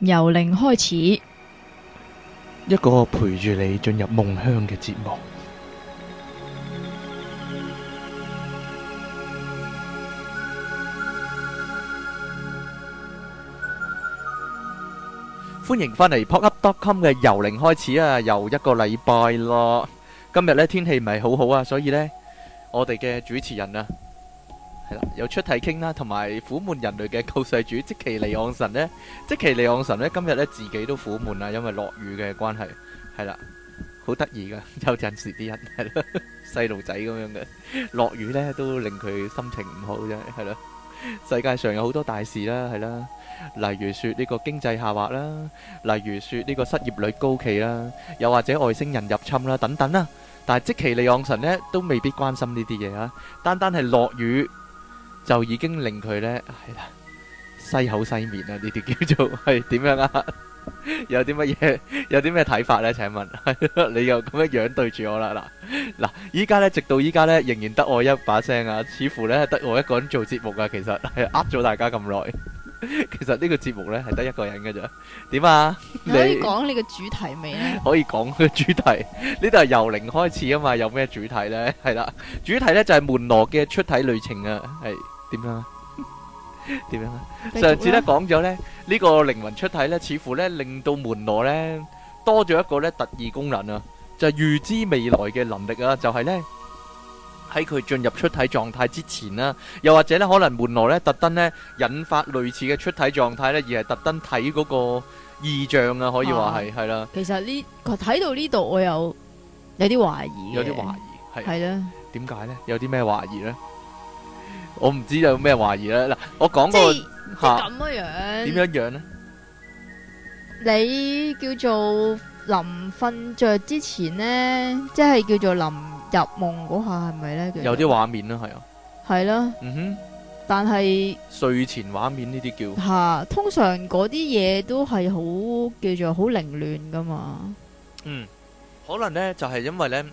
由零開始，一個陪住你進入夢鄉嘅節目。歡迎返嚟 pop up dot com 嘅由零開始啊，又一個禮拜咯。今日呢天氣唔係好好啊，所以呢我哋嘅主持人啊。係啦，有出體傾啦，同埋苦悶人類嘅救世主即奇利昂神咧，即奇利昂神咧，今日咧自己都苦悶啊，因為落雨嘅關係，係啦，好得意噶，有陣時啲人係咯細路仔咁樣嘅，落雨咧都令佢心情唔好啫，係咯。世界上有好多大事啦，係啦，例如説呢個經濟下滑啦，例如説呢個失業率高企啦，又或者外星人入侵啦等等啦，但係即奇利昂神咧都未必關心呢啲嘢啊，單單係落雨。就已經令佢呢，係、哎、啦，西口西面啦，呢啲叫做係點樣啊？ 有啲乜嘢？有啲咩睇法呢？請問， 你又咁樣樣對住我啦？嗱嗱，依家呢，直到依家呢，仍然得我一把聲啊，似乎呢，得我一個人做節目啊，其實係呃咗大家咁耐。其實呢個節目咧，係得一個人㗎咋？點啊？可以講你個主題未咧？可以講個主題呢？呢度係由零開始啊嘛？有咩主題咧？係啦，主題咧就係門羅嘅出體旅程啊。係點樣啊？點樣啊？上次咧講咗咧呢個靈魂出體咧，似乎咧令到門羅咧多咗一個咧特異功能啊，就預知未來嘅能力啊，就係咧。喺佢進入出體狀態之前啦，又或者咧可能門羅咧特登咧引發類似嘅出體狀態咧，而係特登睇嗰個異象啊，可以話係係啦。其實呢睇到呢度，我有有啲懷疑，有啲懷疑係係啦。點解咧？有啲咩懷疑咧？我唔知有咩懷疑咧。嗱，我講過係咁樣樣，點樣樣咧？你叫做臨瞓着之前咧，即係叫做臨。入夢嗰下係咪呢？有啲畫面啦，係啊，係啦，嗯哼，但係睡前畫面呢啲叫吓，通常嗰啲嘢都係好叫做好凌亂噶嘛，嗯，可能呢，就係因為呢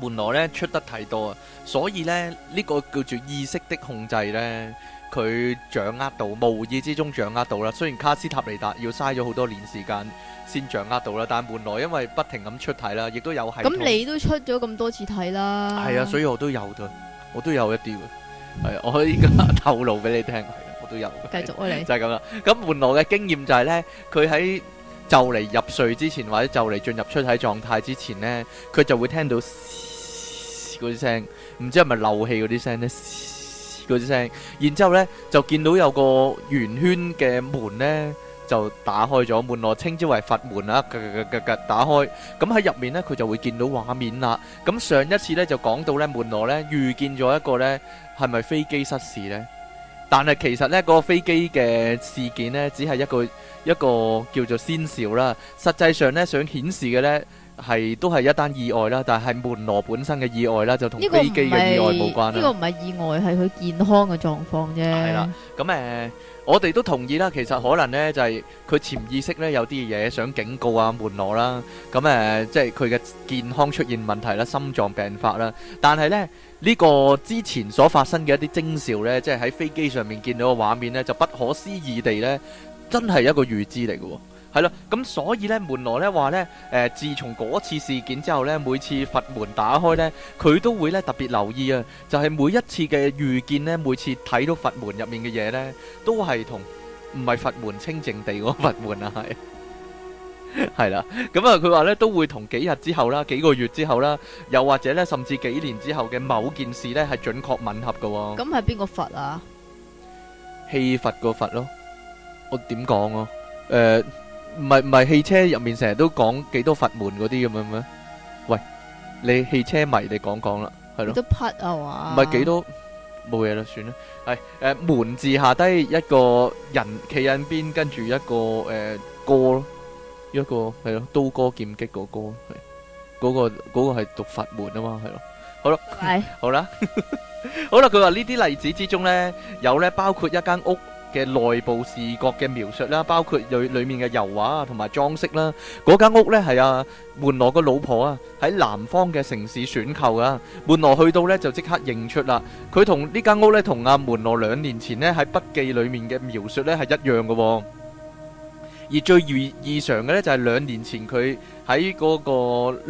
門羅呢出得太多啊，所以呢，呢個叫做意識的控制呢。佢掌握到，無意之中掌握到啦。雖然卡斯塔尼達要嘥咗好多年時間先掌握到啦，但係門羅因為不停咁出體啦，亦都有係。咁你都出咗咁多次體啦。係啊，所以我都有嘅，我都有一啲嘅。係啊，我可以依家透露俾你聽係，我都有。繼續啊，你就係咁啦。咁門羅嘅經驗就係咧，佢喺就嚟入睡之前或者就嚟進入出體狀態之前咧，佢就會聽到嗰啲聲，唔知係咪漏氣嗰啲聲咧。嘶嘶叫聲，然之後咧，就見到有個圓圈嘅門呢，就打開咗，門羅稱之為佛門啦，咳咳咳咳打開，咁喺入面呢，佢就會見到畫面啦。咁上一次呢，就講到呢門羅呢，預見咗一個呢係咪飛機失事呢？但係其實呢個飛機嘅事件呢，只係一個一個叫做先兆啦，實際上呢，想顯示嘅呢。係都係一單意外啦，但係係門羅本身嘅意外啦，就同飛機嘅意外冇關啦。呢個唔係意外，係佢健康嘅狀況啫。係啦，咁誒，我哋都同意啦。其實可能呢就係佢潛意識呢有啲嘢想警告啊門羅啦。咁誒，即係佢嘅健康出現問題啦，心臟病發啦。但係呢呢個之前所發生嘅一啲徵兆呢，即係喺飛機上面見到嘅畫面呢，就不可思議地呢，真係一個預知嚟嘅。係啦，咁所以咧，門羅咧話咧，誒，自從嗰次事件之後咧，每次佛門打開咧，佢都會咧特別留意啊，就係每一次嘅遇見咧，每次睇到佛門入面嘅嘢咧，都係同唔係佛門清淨地嗰個佛門啊，係係啦，咁啊，佢話咧都會同幾日之後啦，幾個月之後啦，又或者咧，甚至幾年之後嘅某件事咧，係準確吻合噶。咁係邊個佛啊？氣佛個佛咯，我點講啊，誒。唔係唔係汽車入面成日都講幾多佛門嗰啲咁樣咩？喂，你汽車迷你講講啦，係咯？幾多匹啊？哇！唔係幾多，冇嘢啦，算啦。係誒，門字下低一個人企喺邊，跟住一個誒戈咯，一個係咯，刀戈劍擊個戈係，嗰個嗰個係讀佛門啊嘛，係咯，好咯，係，好啦，好啦。佢話呢啲例子之中咧，有咧包括一間屋。嘅內部視覺嘅描述啦，包括裏裏面嘅油畫同埋裝飾啦。嗰間屋咧係阿門羅個老婆啊，喺南方嘅城市選購㗎。門羅去到咧就即刻認出啦。佢同呢間屋咧同阿門羅兩年前咧喺筆記裡面嘅描述咧係一樣㗎喎。而最異異常嘅咧就係兩年前佢喺嗰個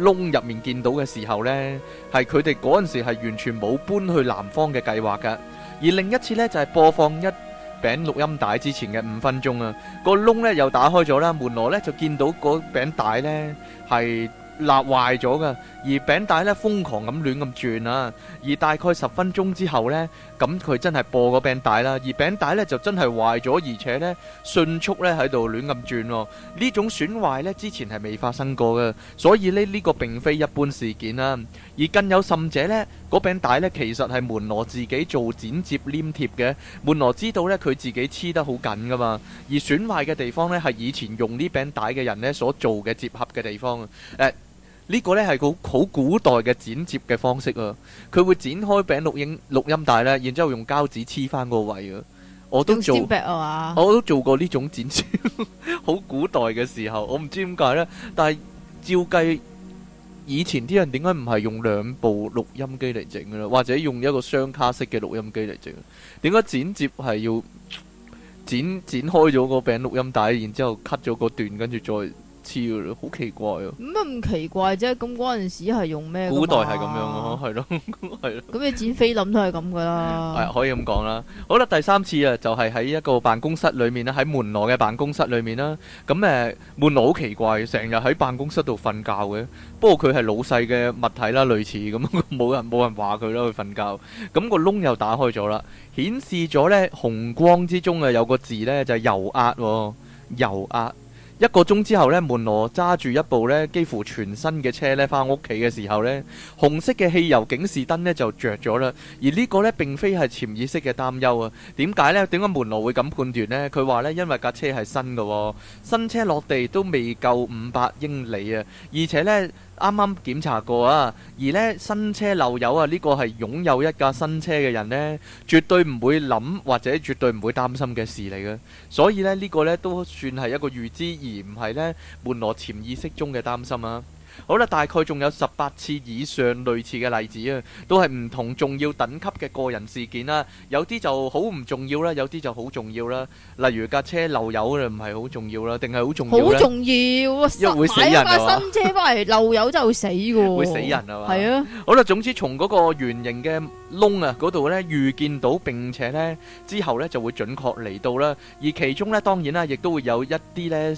窿入面見到嘅時候咧，係佢哋嗰陣時係完全冇搬去南方嘅計劃㗎。而另一次咧就係播放一。餅錄音帶之前嘅五分鐘啊，個窿咧又打開咗啦，門羅咧就見到個餅帶咧係裂壞咗噶，而餅帶咧瘋狂咁亂咁轉啊，而大概十分鐘之後咧。咁佢真係播個餅帶啦，而餅帶咧就真係壞咗，而且咧迅速咧喺度亂咁轉咯。呢種損壞咧之前係未發生過嘅，所以咧呢個並非一般事件啦。而更有甚者咧，嗰餅帶咧其實係門羅自己做剪接黏貼嘅。門羅知道咧佢自己黐得好緊噶嘛，而損壞嘅地方咧係以前用呢餅帶嘅人咧所做嘅接合嘅地方啊。呢個咧係個好古代嘅剪接嘅方式啊！佢會剪開餅錄影錄音帶咧，然之後用膠紙黐返個位啊！我都做，我都做過呢種剪接，好古代嘅時候，我唔知點解咧。但係照計，以前啲人點解唔係用兩部錄音機嚟整嘅咧？或者用一個雙卡式嘅錄音機嚟整？點解剪接係要剪剪開咗個餅錄音帶，然之後 cut 咗個段，跟住再？似咯，好奇怪啊！唔乜咁奇怪啫，咁嗰陣時係用咩？古代係咁樣咯，係咯，係咯。咁你剪菲林都係咁噶啦，係可以咁講啦。好啦，第三次啊，就係喺一個辦公室裏面啦，喺門羅嘅辦公室裏面啦。咁誒，門羅好奇怪，成日喺辦公室度瞓覺嘅。不過佢係老細嘅物體啦，類似咁冇人冇人話佢啦，佢瞓覺。咁個窿又打開咗啦，顯示咗咧紅光之中啊，有個字咧就係油壓，油壓。一個鐘之後咧，門羅揸住一部咧幾乎全新嘅車咧，翻屋企嘅時候咧，紅色嘅汽油警示燈咧就着咗啦。而個呢個咧並非係潛意識嘅擔憂啊。點解咧？點解門羅會咁判斷呢？佢話咧，因為架車係新嘅，哦，新車落地都未夠五百英里啊，而且咧。啱啱檢查過啊，而呢新車漏油啊，呢、這個係擁有一架新車嘅人呢，絕對唔會諗或者絕對唔會擔心嘅事嚟嘅，所以呢，呢、這個呢都算係一個預知而，而唔係呢門羅潛意識中嘅擔心啊。好啦，大概仲有十八次以上類似嘅例子啊，都係唔同重要等級嘅個人事件啦。有啲就好唔重要啦，有啲就好重要啦。例如架車漏油就唔係好重要啦，定係好重要咧？好重要，一會死人啊！新車翻嚟漏油真係會死㗎，會死人啊嘛！係啊！好啦，總之從嗰個圓形嘅窿啊嗰度咧預見到，並且咧之後咧就會準確嚟到啦。而其中咧當然啦，亦都會有一啲咧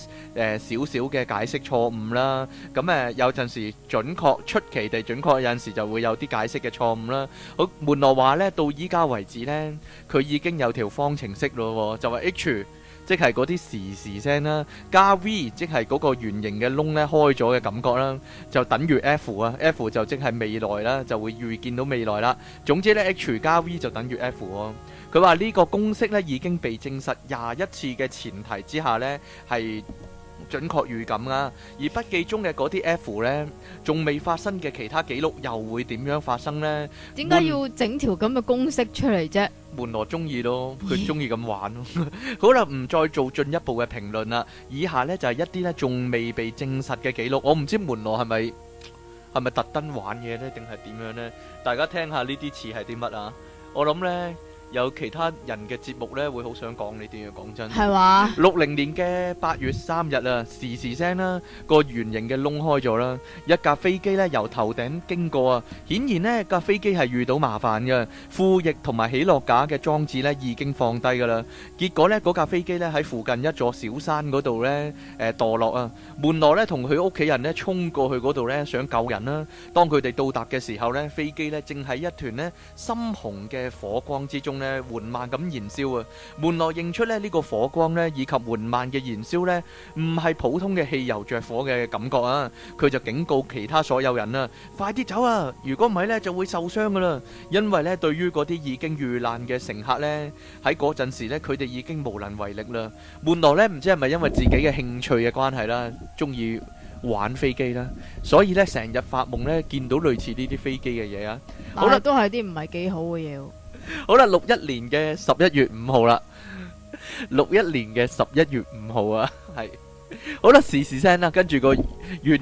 誒少少嘅解釋錯誤啦。咁誒有。有陣時準確，出奇地準確，有陣時就會有啲解釋嘅錯誤啦。好，門羅話呢，到依家為止呢，佢已經有條方程式咯，就係 h，即係嗰啲時時聲啦，加 v，即係嗰個圓形嘅窿咧開咗嘅感覺啦，就等於 f 啊，f 就即係未來啦，就會預見到未來啦。總之呢 h 加 v 就等於 f 啊。佢話呢個公式呢，已經被證實廿一次嘅前提之下呢，係。準確預感啦，而筆記中嘅嗰啲 F 呢，仲未發生嘅其他記錄又會點樣發生呢？點解要整條咁嘅公式出嚟啫？門羅鍾意咯，佢鍾意咁玩咯。好啦，唔再做進一步嘅評論啦。以下呢就係一啲呢仲未被證實嘅記錄。我唔知門羅係咪係咪特登玩嘢呢，定係點樣呢？大家聽下呢啲詞係啲乜啊？我諗呢。有其他人嘅節目咧，會好想講你，點樣講真。係話，六零嗎年嘅八月三日啊，時時聲啦、啊，個圓形嘅窿開咗啦，一架飛機咧由頭頂經過啊，顯然咧架飛機係遇到麻煩嘅，副翼同埋起落架嘅裝置咧已經放低噶啦。結果咧架飛機咧喺附近一座小山度咧誒墮落啊，門羅咧同佢屋企人咧衝過去度咧想救人啦、啊。當佢哋到達嘅時候咧，飛機咧正喺一團咧深紅嘅火光之中。咧緩慢咁燃燒啊，門羅認出咧呢個火光咧以及緩慢嘅燃燒咧，唔係普通嘅汽油着火嘅感覺啊，佢就警告其他所有人啦，快啲走啊！如果唔係咧就會受傷噶啦，因為咧對於嗰啲已經遇難嘅乘客咧，喺嗰陣時咧佢哋已經無能為力啦。門羅咧唔知係咪因為自己嘅興趣嘅關係啦，中意玩飛機啦，所以咧成日發夢咧見到類似呢啲飛機嘅嘢啊，好啦，都係啲唔係幾好嘅嘢。好啦，六一年嘅十一月五號啦，六一年嘅十一月五號啊，係 好啦，時時聲啦，跟住個圓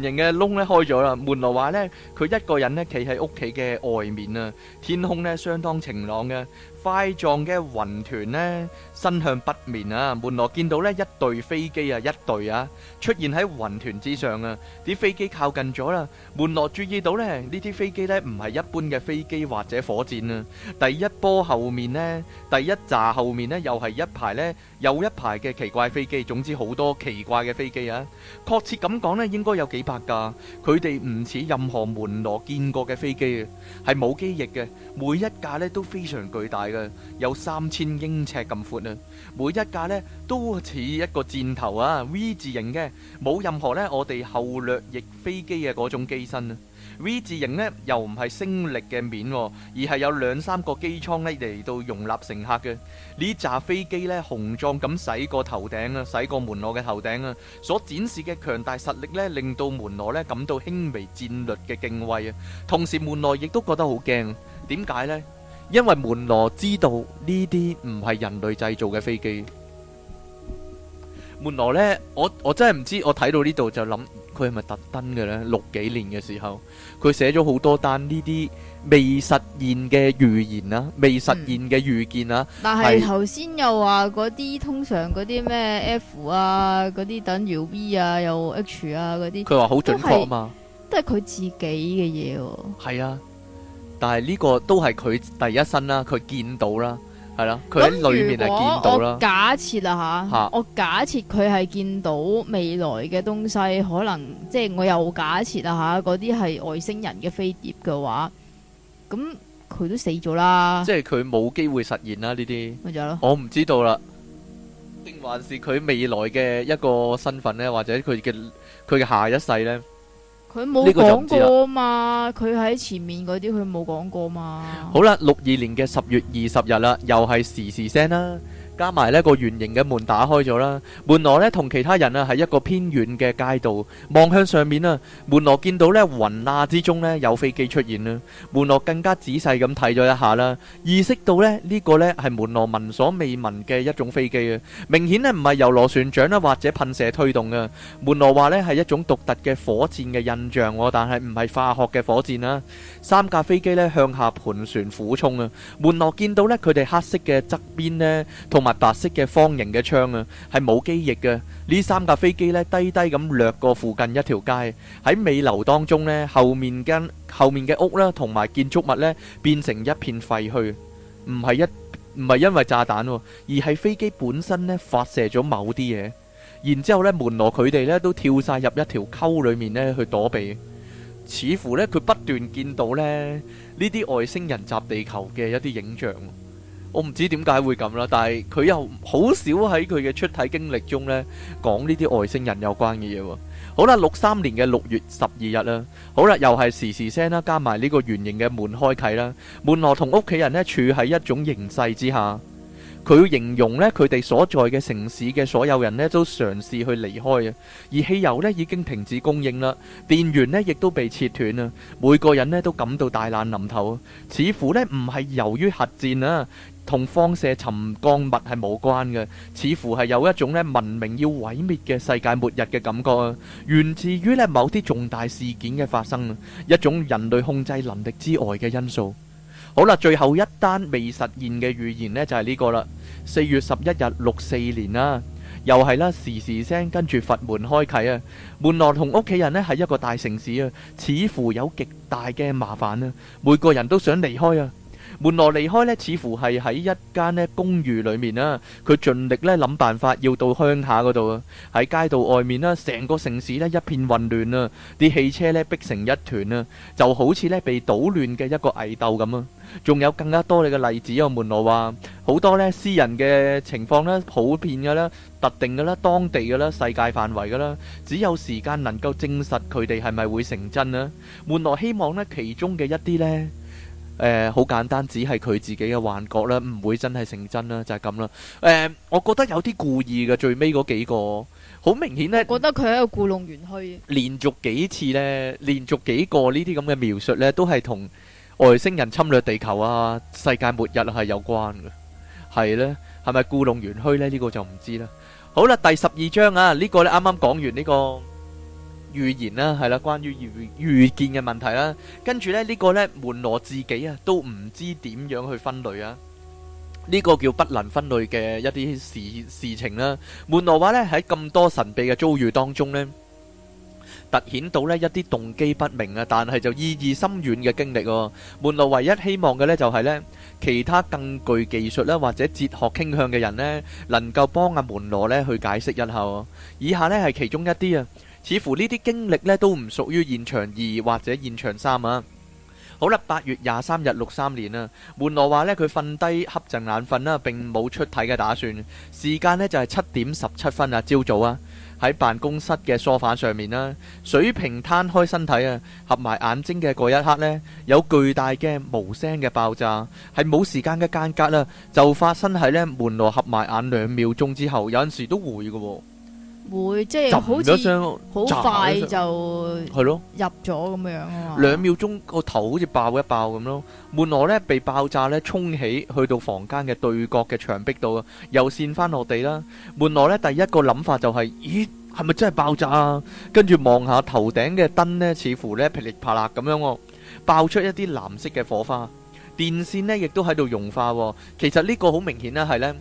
形嘅窿咧開咗啦，門羅話咧，佢一個人咧企喺屋企嘅外面啊，天空咧相當晴朗嘅。塊狀嘅雲團呢，伸向北面啊！門羅見到咧，一隊飛機啊，一隊啊，出現喺雲團之上啊！啲飛機靠近咗啦，門羅注意到咧，呢啲飛機咧唔係一般嘅飛機或者火箭啊！第一波後面咧，第一炸後面咧，又係一排咧，又一排嘅奇怪飛機。總之好多奇怪嘅飛機啊！確切咁講咧，應該有幾百架。佢哋唔似任何門羅見過嘅飛機啊，係冇機翼嘅，每一架咧都非常巨大。嘅有三千英尺咁闊啊！每一架咧都似一個箭頭啊，V 字形嘅，冇任何咧我哋後掠翼飛機嘅嗰種機身啊。V 字形呢又唔係升力嘅面，而係有兩三個機艙咧嚟到容納乘客嘅。呢架飛機呢雄壯咁駛過頭頂啊，駛過門羅嘅頭頂啊，所展示嘅強大實力呢，令到門羅咧感到輕微戰略嘅敬畏啊。同時，門羅亦都覺得好驚，點解呢？因為門羅知道呢啲唔係人類製造嘅飛機，門羅呢，我我真係唔知，我睇到呢度就諗佢係咪特登嘅呢？六幾年嘅時候，佢寫咗好多單呢啲未實現嘅預言啊，未實現嘅預見啊。嗯、係但係頭先又話嗰啲通常嗰啲咩 F 啊，嗰啲等 U、V 啊，又 H 啊嗰啲，佢話好準確嘛，都係佢自己嘅嘢喎。係啊。但係呢個都係佢第一身啦，佢見到啦，係啦，佢喺裏面係見到啦。假設啦吓，我假設佢係見到未來嘅東西，可能即係我又假設啦吓，嗰啲係外星人嘅飛碟嘅話，咁佢都死咗啦。即係佢冇機會實現啦呢啲。咪就係咯。我唔知道啦，定還是佢未來嘅一個身份呢？或者佢嘅佢嘅下一世呢？佢冇講過啊嘛，佢喺前面嗰啲佢冇講過啊嘛。好啦，六二年嘅十月二十日啦，又係時時聲啦。加埋咧個圓形嘅門打開咗啦，門羅咧同其他人啊喺一個偏遠嘅街道，望向上面啊。門羅見到咧雲罅之中咧有飛機出現啦，門羅更加仔細咁睇咗一下啦，意識到咧呢個咧係門羅聞所未聞嘅一種飛機啊，明顯咧唔係由螺旋槳啦或者噴射推動嘅。門羅話咧係一種獨特嘅火箭嘅印象，但係唔係化學嘅火箭啊。三架飛機咧向下盤旋俯衝啊，門羅見到咧佢哋黑色嘅側邊咧同白色嘅方形嘅窗啊，係冇機翼嘅。呢三架飛機咧，低低咁掠過附近一條街，喺尾樓當中呢，後面嘅後面嘅屋啦，同埋建築物呢，變成一片廢墟。唔係，一唔係因為炸彈，而係飛機本身呢，發射咗某啲嘢，然之後咧，門羅佢哋呢，都跳晒入一條溝裏面呢，去躲避。似乎呢，佢不斷見到咧呢啲外星人襲地球嘅一啲影像。我唔知點解會咁啦，但係佢又好少喺佢嘅出體經歷中呢講呢啲外星人有關嘅嘢喎。好啦，六三年嘅六月十二日啦，好啦，又係時時聲啦，加埋呢個圓形嘅門開啟啦，門羅同屋企人呢處喺一種形勢之下，佢形容呢，佢哋所在嘅城市嘅所有人呢都嘗試去離開啊，而汽油呢已經停止供應啦，電源呢亦都被切斷啦，每個人呢都感到大難臨頭啊，似乎呢唔係由於核戰啊。同放射沉降物係冇關嘅，似乎係有一種咧文明要毀滅嘅世界末日嘅感覺啊，源自於咧某啲重大事件嘅發生，啊，一種人類控制能力之外嘅因素。好啦，最後一單未實現嘅預言呢就係、是、呢個、啊、啦，四月十一日六四年啦，又係啦時時聲跟住佛門開啟啊，門羅同屋企人呢喺一個大城市啊，似乎有極大嘅麻煩啊，每個人都想離開啊。門羅離開呢，似乎係喺一間咧公寓裏面啊。佢盡力咧諗辦法要到鄉下嗰度啊。喺街道外面呢，成個城市呢一片混亂啊，啲汽車呢逼成一團啊，就好似呢被搗亂嘅一個蟻竇咁啊。仲有更加多嘅例子啊，門羅話好多呢私人嘅情況呢，普遍嘅啦、特定嘅啦、當地嘅啦、世界範圍嘅啦，只有時間能夠證實佢哋係咪會成真啊。門羅希望呢其中嘅一啲呢。誒，好簡單，只係佢自己嘅幻覺啦，唔會真係成真啦，就係咁啦。誒，我覺得有啲故意嘅，最尾嗰幾個好明顯咧。我覺得佢喺度故弄玄虛。連續幾次咧，連續幾個呢啲咁嘅描述咧，都係同外星人侵略地球啊、世界末日係有關嘅。係咧，係咪故弄玄虛咧？呢個就唔知啦。好啦，第十二章啊，呢個咧啱啱講完呢個。預言啦，係啦，關於預預見嘅問題啦。跟住咧，呢個咧，門羅自己啊，都唔知點樣去分類啊。呢個叫不能分類嘅一啲事事情啦。門羅話咧，喺咁多神秘嘅遭遇當中咧，凸顯到咧一啲動機不明啊，但係就意義深遠嘅經歷。門羅唯一希望嘅咧就係咧，其他更具技術啦或者哲學傾向嘅人咧，能夠幫阿門羅咧去解釋一下。以下咧係其中一啲啊。似乎歷呢啲經歷咧都唔屬於現場二或者現場三啊！好啦，八月廿三日六三年啊，門羅話呢，佢瞓低瞌陣眼瞓啦，並冇出睇嘅打算。時間呢，就係、是、七點十七分啊，朝早啊，喺辦公室嘅梳化上面啦，水平攤開身體啊，合埋眼睛嘅嗰一刻呢，有巨大嘅無聲嘅爆炸，係冇時間嘅間隔啦、啊，就發生喺呢門羅合埋眼兩秒鐘之後，有陣時都會嘅喎、啊。會即係，如果上好快就係咯，入咗咁樣啊！兩 秒鐘個頭好似爆一爆咁咯，門羅呢被爆炸呢衝起去到房間嘅對角嘅牆壁度，又濺翻落地啦。門羅呢第一個諗法就係、是，咦，係咪真係爆炸啊？跟住望下頭頂嘅燈呢，似乎呢噼里啪啦咁樣，爆出一啲藍色嘅火花，電線呢亦都喺度融化。其實呢個好明顯啦，係呢。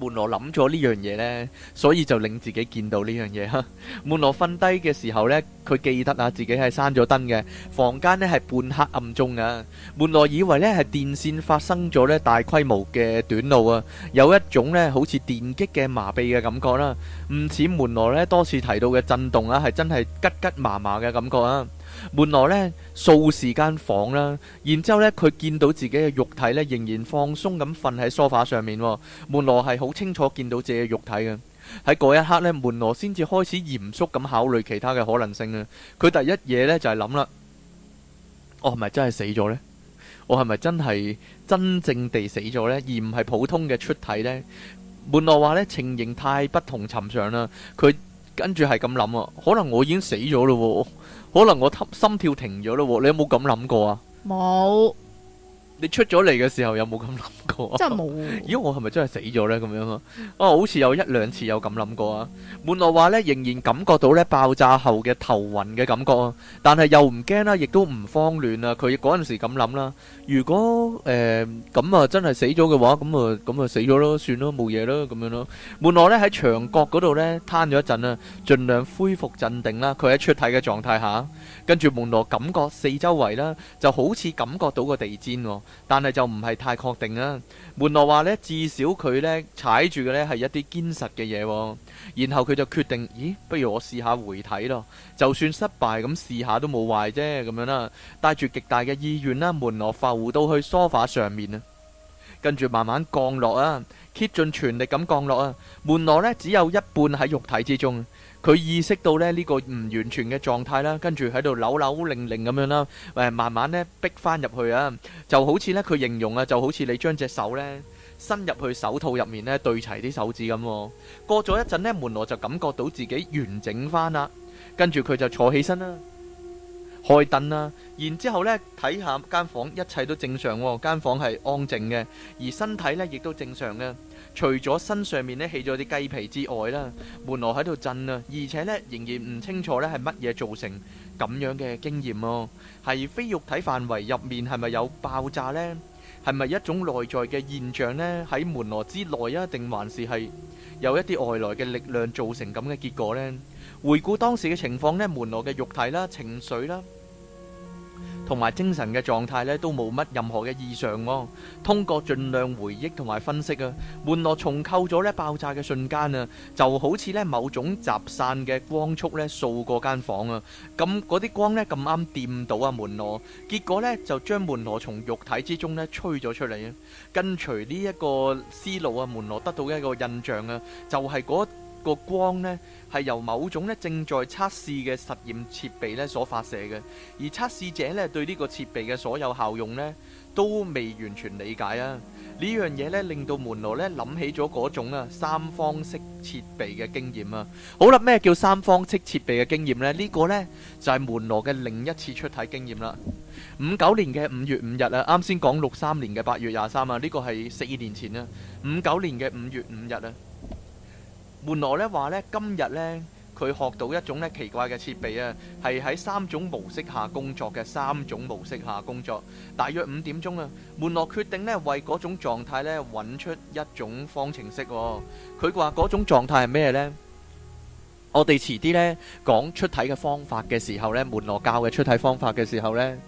門羅諗咗呢樣嘢呢，所以就令自己見到呢樣嘢。哈！ 門羅瞓低嘅時候呢，佢記得啊，自己係閂咗燈嘅，房間呢係半黑暗中啊。門羅以為呢係電線發生咗呢大規模嘅短路啊，有一種呢好似電擊嘅麻痹嘅感覺啦，唔似門羅呢多次提到嘅震動啊，係真係吉吉麻麻嘅感覺啊。門羅呢掃視間房啦，然之後呢佢見到自己嘅肉體呢，仍然放鬆咁瞓喺梳化上面，哦。門羅係好清楚見到自己嘅肉體嘅。喺嗰一刻呢，門羅先至開始嚴肅咁考慮其他嘅可能性啊！佢第一嘢呢，就係諗啦：「我係咪真係死咗呢？我係咪真係真正地死咗呢？而唔係普通嘅出體呢？」門羅話呢，情形太不同尋常啦！佢跟住係咁諗啊，可能我已經死咗咯，哦。可能我心跳停咗咯，你有冇咁諗過啊？冇有。你出咗嚟嘅時候有冇咁諗？真係冇。咦，我係咪真係死咗咧？咁樣啊，哦，好似有一兩次有咁諗過啊。門羅話咧，仍然感覺到咧爆炸後嘅頭暈嘅感覺啊，但係又唔驚啦，亦都唔慌亂啊。佢嗰陣時咁諗啦。如果誒咁啊真係死咗嘅話，咁啊咁啊死咗咯，算咯，冇嘢咯，咁樣咯。門羅咧喺牆角嗰度咧攤咗一陣啊，盡量恢復鎮定啦。佢喺出體嘅狀態下，跟住門羅感覺四周圍啦，就好似感覺到個地氈，但係就唔係太確定啊。門羅話咧，至少佢咧踩住嘅咧係一啲堅實嘅嘢，然後佢就決定，咦，不如我試下回體咯，就算失敗咁試下都冇壞啫，咁樣啦，帶住極大嘅意願啦，門羅浮到去梳化上面啊，跟住慢慢降落啊，竭盡全力咁降落啊，門羅咧只有一半喺肉體之中。佢意識到咧呢、呢個唔完全嘅狀態啦，跟住喺度扭扭擰擰咁樣啦，誒、呃、慢慢咧逼翻入去啊，就好似呢，佢形容啊，就好似你將隻手呢伸入去手套入面呢對齊啲手指咁、哦。過咗一陣呢，門羅就感覺到自己完整翻啦，跟住佢就坐起身啦，開燈啦，然之後呢，睇下間房一切都正常、哦，間房係安靜嘅，而身體呢亦都正常嘅。除咗身上面呢起咗啲雞皮之外啦，門羅喺度震啊，而且呢仍然唔清楚呢係乜嘢造成咁樣嘅經驗喎，係非肉體範圍入面係咪有爆炸呢？係咪一種內在嘅現象呢？喺門羅之內啊，定還是係有一啲外來嘅力量造成咁嘅結果呢？回顧當時嘅情況呢，門羅嘅肉體啦、情緒啦。同埋精神嘅狀態咧，都冇乜任何嘅異常喎、哦。通過盡量回憶同埋分析啊，門羅重構咗咧爆炸嘅瞬間啊，就好似咧某種集散嘅光束咧掃過間房啊。咁嗰啲光咧咁啱掂到啊，門羅結果咧就將門羅從肉體之中咧吹咗出嚟啊。跟隨呢一個思路啊，門羅得到一個印象啊，就係嗰個光呢係由某種呢正在測試嘅實驗設備呢所發射嘅，而測試者呢對呢個設備嘅所有效用呢都未完全理解啊！呢樣嘢呢令到門羅呢諗起咗嗰種啊三方式設備嘅經驗啊！好啦，咩叫三方式設備嘅經驗呢？呢、這個呢就係、是、門羅嘅另一次出體經驗啦。五九年嘅五月五日啊，啱先講六三年嘅八月廿三啊，呢、這個係四年前啦、啊。五九年嘅五月五日啊。門羅咧話咧，今日咧佢學到一種咧奇怪嘅設備啊，係喺三種模式下工作嘅，三種模式下工作，大約五點鐘啊。門羅決定咧為嗰種狀態咧揾出一種方程式。佢話嗰種狀態係咩呢？我哋遲啲咧講出體嘅方法嘅時候咧，門羅教嘅出體方法嘅時候咧。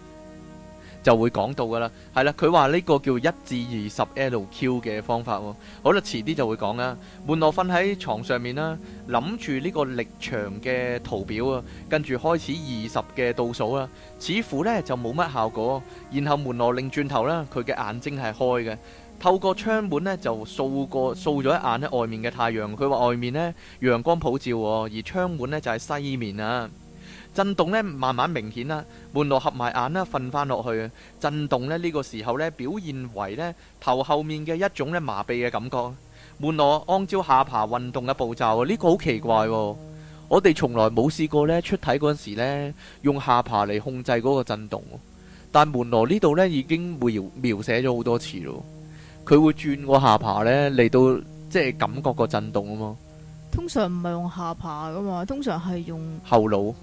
就會講到噶啦，係、嗯、啦，佢話呢個叫一至二十 LQ 嘅方法喎、哦。好啦，遲啲就會講啦。門羅瞓喺床上面啦，諗住呢個力場嘅圖表啊，跟住開始二十嘅倒數啊，似乎呢就冇乜效果。然後門羅擰轉頭啦，佢嘅眼睛係開嘅，透過窗門呢，就掃過掃咗一眼喺外面嘅太陽。佢話外面呢，陽光普照，而窗門呢，就係、是、西面啊。震動咧，慢慢明顯啦。門羅合埋眼啦，瞓翻落去。震動咧呢個時候咧，表現為咧頭後面嘅一種咧麻痹嘅感覺。門羅按照下巴運動嘅步驟，呢個好奇怪喎。我哋從來冇試過咧出體嗰陣時咧用下巴嚟控制嗰個震動，但門羅呢度咧已經描描寫咗好多次咯。佢會轉個下巴咧嚟到，即係感覺個震動啊嘛,嘛。通常唔係用下巴噶嘛，通常係用後腦。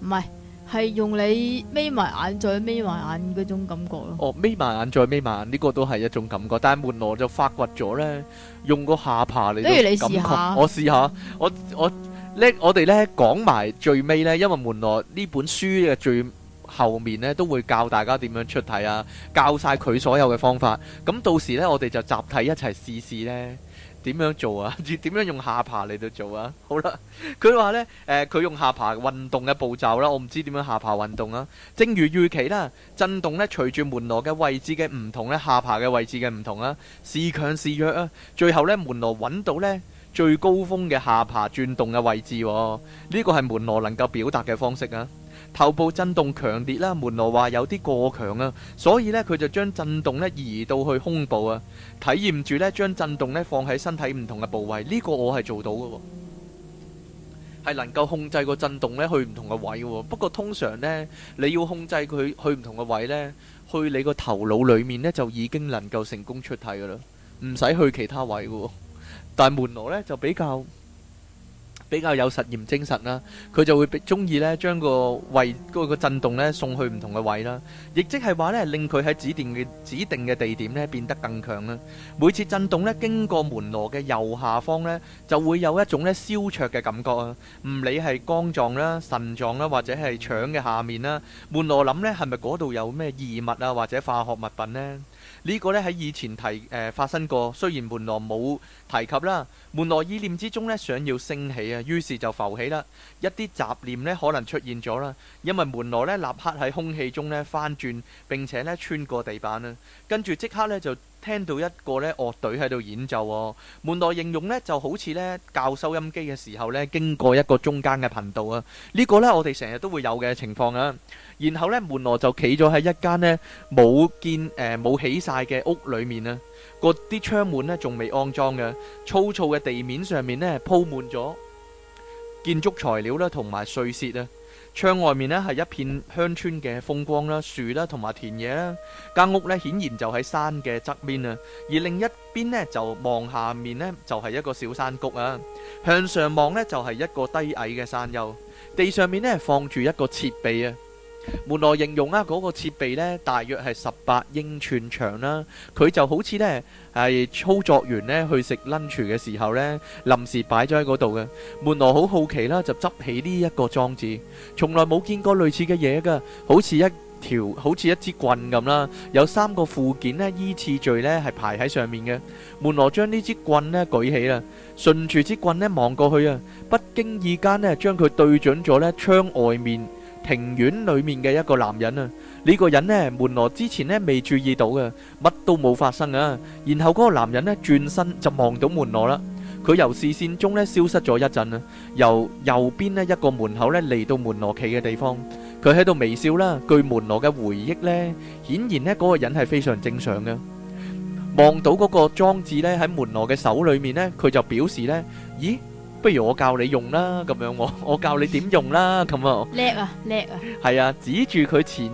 唔係，係用你眯埋眼再眯埋眼嗰種感覺咯。哦，眯埋眼再眯埋眼，呢個都係一種感覺。但係門羅就發掘咗咧，用個下巴嚟。不如你試下。嗯，我試下。我我咧，我哋咧講埋最尾咧，因為門羅呢本書嘅最後面咧都會教大家點樣出體啊，教晒佢所有嘅方法。咁到時咧，我哋就集體一齊試試咧。點樣做啊？點樣用下巴嚟到做啊？好啦，佢話呢，誒、呃，佢用下巴運動嘅步驟啦，我唔知點樣下巴運動啊。正如預期啦，震動呢，隨住門羅嘅位置嘅唔同呢，下巴嘅位置嘅唔同啊，時強時弱啊。最後呢，門羅揾到呢最高峰嘅下巴轉動嘅位置，哦、呢、這個係門羅能夠表達嘅方式啊。頭部震動強烈啦，門羅話有啲過強啊，所以呢，佢就將震動呢移到去胸部啊，體驗住呢，將震動呢放喺身體唔同嘅部位，呢、呢個我係做到嘅、哦，係能夠控制個震動呢去唔同嘅位嘅、哦。不過通常呢，你要控制佢去唔同嘅位呢，去你個頭腦裏面呢，就已經能夠成功出體噶啦，唔使去其他位嘅、哦。但係門羅呢，就比較。比較有實驗精神啦，佢就會中意呢將個胃嗰個震動呢送去唔同嘅位啦，亦即係話呢令佢喺指定嘅指定嘅地點呢變得更強啦。每次震動呢經過門羅嘅右下方呢，就會有一種呢燒灼嘅感覺啊！唔理係肝臟啦、腎臟啦，或者係腸嘅下面啦，門羅諗呢係咪嗰度有咩異物啊？或者化學物品呢？呢個呢喺以前提誒發生過，雖然門羅冇。提及啦，門羅意念之中咧想要升起啊，於是就浮起啦。一啲雜念咧可能出現咗啦，因為門羅咧立刻喺空氣中咧翻轉，並且咧穿過地板啦，跟住即刻咧就聽到一個咧樂隊喺度演奏。門羅形容咧就好似咧校收音機嘅時候咧經過一個中間嘅頻道啊。呢個咧我哋成日都會有嘅情況啊。然後咧門羅就企咗喺一間咧冇建誒冇起晒嘅屋裏面啊。嗰啲窗門咧仲未安裝，嘅粗糙嘅地面上面咧鋪滿咗建築材料啦，同埋碎屑啊，窗外面咧係一片鄉村嘅風光啦，樹啦，同埋田野啊。間屋咧顯然就喺山嘅側邊啊，而另一邊咧就望下面，咧就係、是、一個小山谷啊，向上望咧就係、是、一個低矮嘅山丘。地上面咧放住一個設備啊。門羅形容啦，嗰個設備呢，大約係十八英寸長啦，佢就好似呢係操作員呢去食 lunch 嘅時候呢，臨時擺咗喺嗰度嘅。門羅好好奇啦，就執起呢一個裝置，從來冇見過類似嘅嘢噶，好似一條好似一支棍咁啦，有三個附件呢，依次序呢係排喺上面嘅。門羅將呢支棍呢舉起啦，順住支棍呢望過去啊，不經意間呢將佢對準咗呢窗外面。庭院裏面嘅一個男人啊，呢個人呢門羅之前呢未注意到嘅，乜都冇發生啊。然後嗰個男人呢轉身就望到門羅啦，佢由視線中呢消失咗一陣啊，由右邊呢一個門口呢嚟到門羅企嘅地方，佢喺度微笑啦。據門羅嘅回憶呢，顯然呢嗰個人係非常正常嘅。望到嗰個裝置呢喺門羅嘅手裏面呢，佢就表示呢，咦？不如我教你用啦，咁樣我,我教你點用啦，咁啊，叻啊叻啊，係啊，指住佢前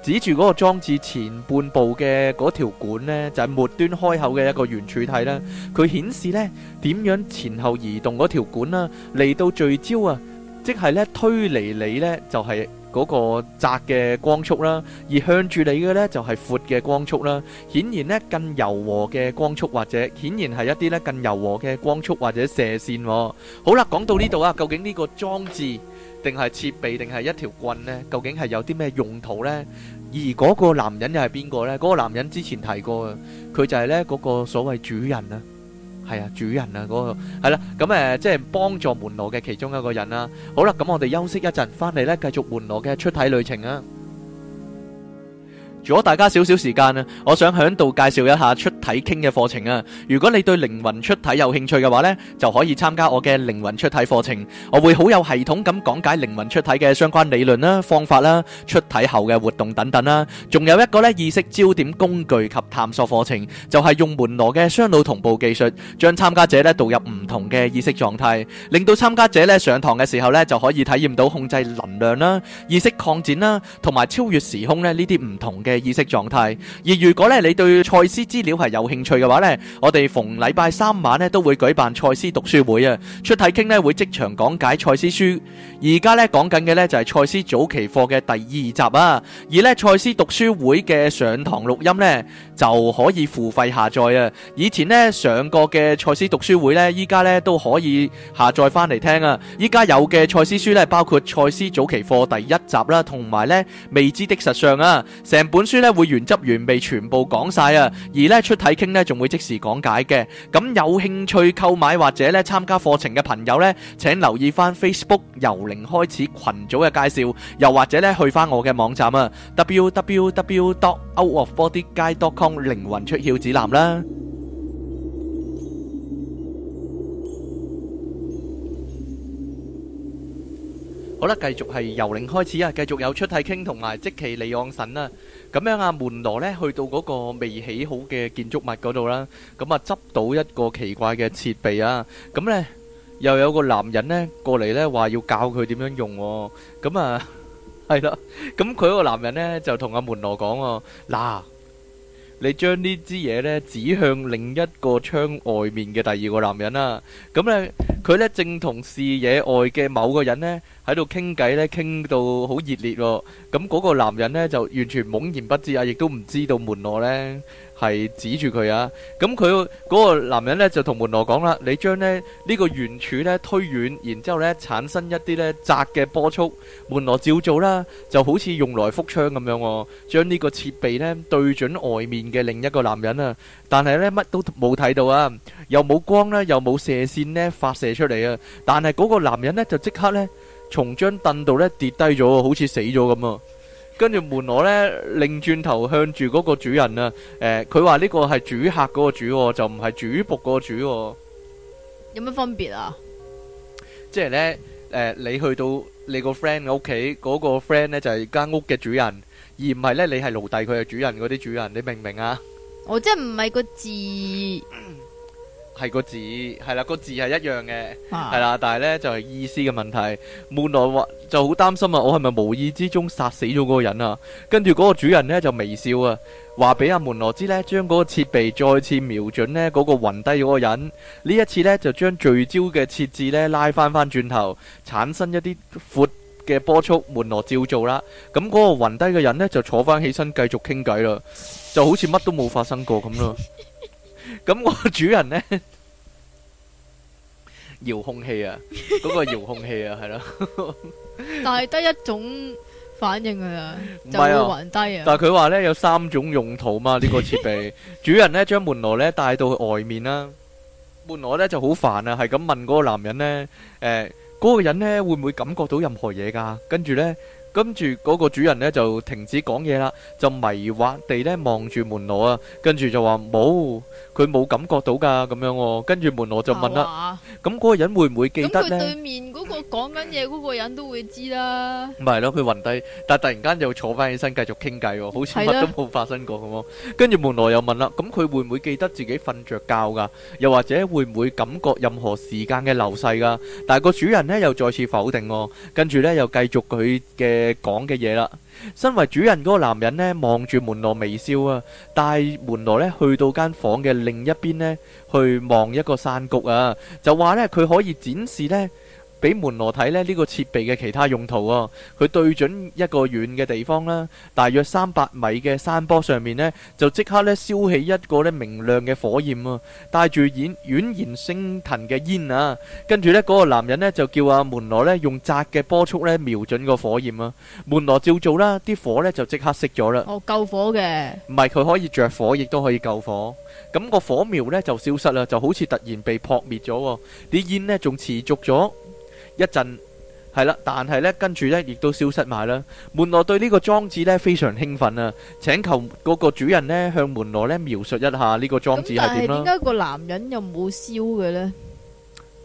指住嗰個裝置前半部嘅嗰條管呢，就係末端開口嘅一個圓柱體啦，佢顯示呢點樣前後移動嗰條管啦，嚟到聚焦啊，即係呢推離你呢，就係。嗰個窄嘅光束啦，而向住你嘅呢就係闊嘅光束啦。顯然呢更柔和嘅光束，或者顯然係一啲呢更柔和嘅光束或者射線。好啦，講到呢度啊，究竟呢個裝置定係設備定係一條棍呢？究竟係有啲咩用途呢？而嗰個男人又係邊個呢？嗰個男人之前提過，佢就係呢嗰個所謂主人啊。係啊，主人啊，嗰、那個係啦，咁、嗯、誒，即係幫助門羅嘅其中一個人啦、啊。好啦，咁我哋休息一陣，翻嚟咧繼續門羅嘅出體旅程啊。如果大家少少時間啊，我想響度介紹一下出體傾嘅課程啊！如果你對靈魂出體有興趣嘅話咧，就可以參加我嘅靈魂出體課程。我會好有系統咁講解靈魂出體嘅相關理論啦、方法啦、出體後嘅活動等等啦。仲有一個咧意識焦點工具及探索課程，就係用門羅嘅雙腦同步技術，將參加者咧導入唔同嘅意識狀態，令到參加者咧上堂嘅時候咧就可以體驗到控制能量啦、意識擴展啦，同埋超越時空咧呢啲唔同嘅意識狀態。而如果咧你對賽斯資料係有興趣嘅話呢，我哋逢禮拜三晚呢都會舉辦賽斯讀書會啊。出體傾呢會即場講解賽斯書。而家呢，講緊嘅呢就係賽斯早期課嘅第二集啊。而呢，賽斯讀書會嘅上堂錄音呢就可以付費下載啊。以前呢，上過嘅賽斯讀書會呢，依家呢都可以下載翻嚟聽啊。依家有嘅賽斯書呢，包括賽斯早期課第一集啦，同埋呢未知的實相啊，成本書咧會原汁原味全部講晒啊，而咧出體傾咧仲會即時講解嘅。咁有興趣購買或者咧參加課程嘅朋友咧，請留意翻 Facebook 由零開始群組嘅介紹，又或者咧去翻我嘅網站啊 www.outofbodyguide.com 靈魂出竅指南啦。好啦，繼續係由零開始啊，繼續有出體傾同埋即期利昂神啊。咁樣阿、啊、門羅咧去到嗰個未起好嘅建築物嗰度啦，咁啊執到一個奇怪嘅設備啊，咁咧又有個男人咧過嚟咧話要教佢點樣用、哦，咁啊係啦，咁 佢個男人咧就同阿、啊、門羅講喎、哦，嗱、啊。你將呢支嘢咧指向另一個窗外面嘅第二個男人啦、啊，咁呢，佢呢正同視野外嘅某個人呢喺度傾偈咧，傾到好熱烈喎、哦。咁嗰個男人呢就完全懵然不知啊，亦都唔知道門羅呢。係指住佢啊！咁佢嗰個男人呢就同門羅講啦：你將咧呢個圓柱咧推遠，然之後咧產生一啲呢窄嘅波速。門羅照做啦，就好似用來復槍咁樣，哦，將呢個設備呢對準外面嘅另一個男人啊！但係呢，乜都冇睇到啊，又冇光呢，又冇射線呢發射出嚟啊！但係嗰個男人呢，就即刻呢從張凳度呢跌低咗，好似死咗咁啊！跟住門羅呢，擰轉頭向住嗰個主人啊！誒、呃，佢話呢個係主客嗰個主、哦，就唔係主僕嗰個主、哦。有乜分別啊？即係呢，誒、呃，你去到你、個 friend、嘅、屋企，嗰個 friend 呢就係間屋嘅主人，而唔係呢你係奴隸，佢係主人嗰啲主人，你明唔明啊？我即係唔係個字。嗯係個字，係啦個字係一樣嘅，係啦、啊，但係呢，就係、是、意思嘅問題。門羅話就好擔心啊，我係咪無意之中殺死咗個人啊？跟住嗰個主人呢，就微笑啊，話俾阿門羅知呢，將嗰個設備再次瞄準呢嗰、嗰個暈低嗰個人。呢一次呢，就將聚焦嘅設置呢，拉翻翻轉頭，產生一啲闊嘅波速。門羅照做啦，咁嗰個暈低嘅人呢，就坐翻起身，繼續傾偈啦，就好似乜都冇發生過咁咯。 咁個主人咧遙控器啊，嗰個遙控器啊，係咯，但係得一種反應噶啦，就會還低啊。但係佢話咧有三種用途嘛，呢個設備主人咧將門羅咧帶到外面啦，門羅咧就好煩啊，係咁問嗰個男人咧，誒，嗰個人咧會唔會感覺到任何嘢噶？跟住咧，跟住嗰個主人咧就停止講嘢啦，就迷惑地咧望住門羅啊，跟住就話冇。佢冇感覺到㗎，咁樣喎，跟住門羅就問啦，咁嗰個人會唔會記得咧？咁佢對面嗰個講緊嘢嗰個人都會知啦。唔係咯，佢暈低，但係突然間又坐翻起身繼續傾偈喎，好似乜都冇發生過咁咯。跟住門羅又問啦，咁佢會唔會記得自己瞓著覺㗎？又或者會唔會感覺任何時間嘅流逝㗎？但係個主人咧又再次否定喎，跟住咧又繼續佢嘅講嘅嘢啦。身為主人嗰個男人呢，望住門羅微笑啊，帶門羅呢去到間房嘅另一邊呢，去望一個山谷啊，就話呢，佢可以展示呢。俾門羅睇咧呢個設備嘅其他用途，佢對準一個遠嘅地方啦，大約三百米嘅山坡上面咧，就即刻咧燒起一個咧明亮嘅火焰啊，帶住煙蜿蜒升騰嘅煙啊，跟住咧嗰個男人咧就叫阿門羅咧用窄嘅波速咧瞄準個火焰啊。門羅照做啦，啲火咧就即刻熄咗啦。哦，救火嘅唔係佢可以着火，亦都可以救火。咁個火苗咧就消失啦，就好似突然被撲滅咗。啲煙咧仲持續咗。一陣係啦，但係呢，跟住呢，亦都消失埋啦。門羅對呢個裝置呢，非常興奮啊！請求嗰個主人呢，向門羅呢描述一下呢個裝置係點啦。咁點解個男人又冇燒嘅呢？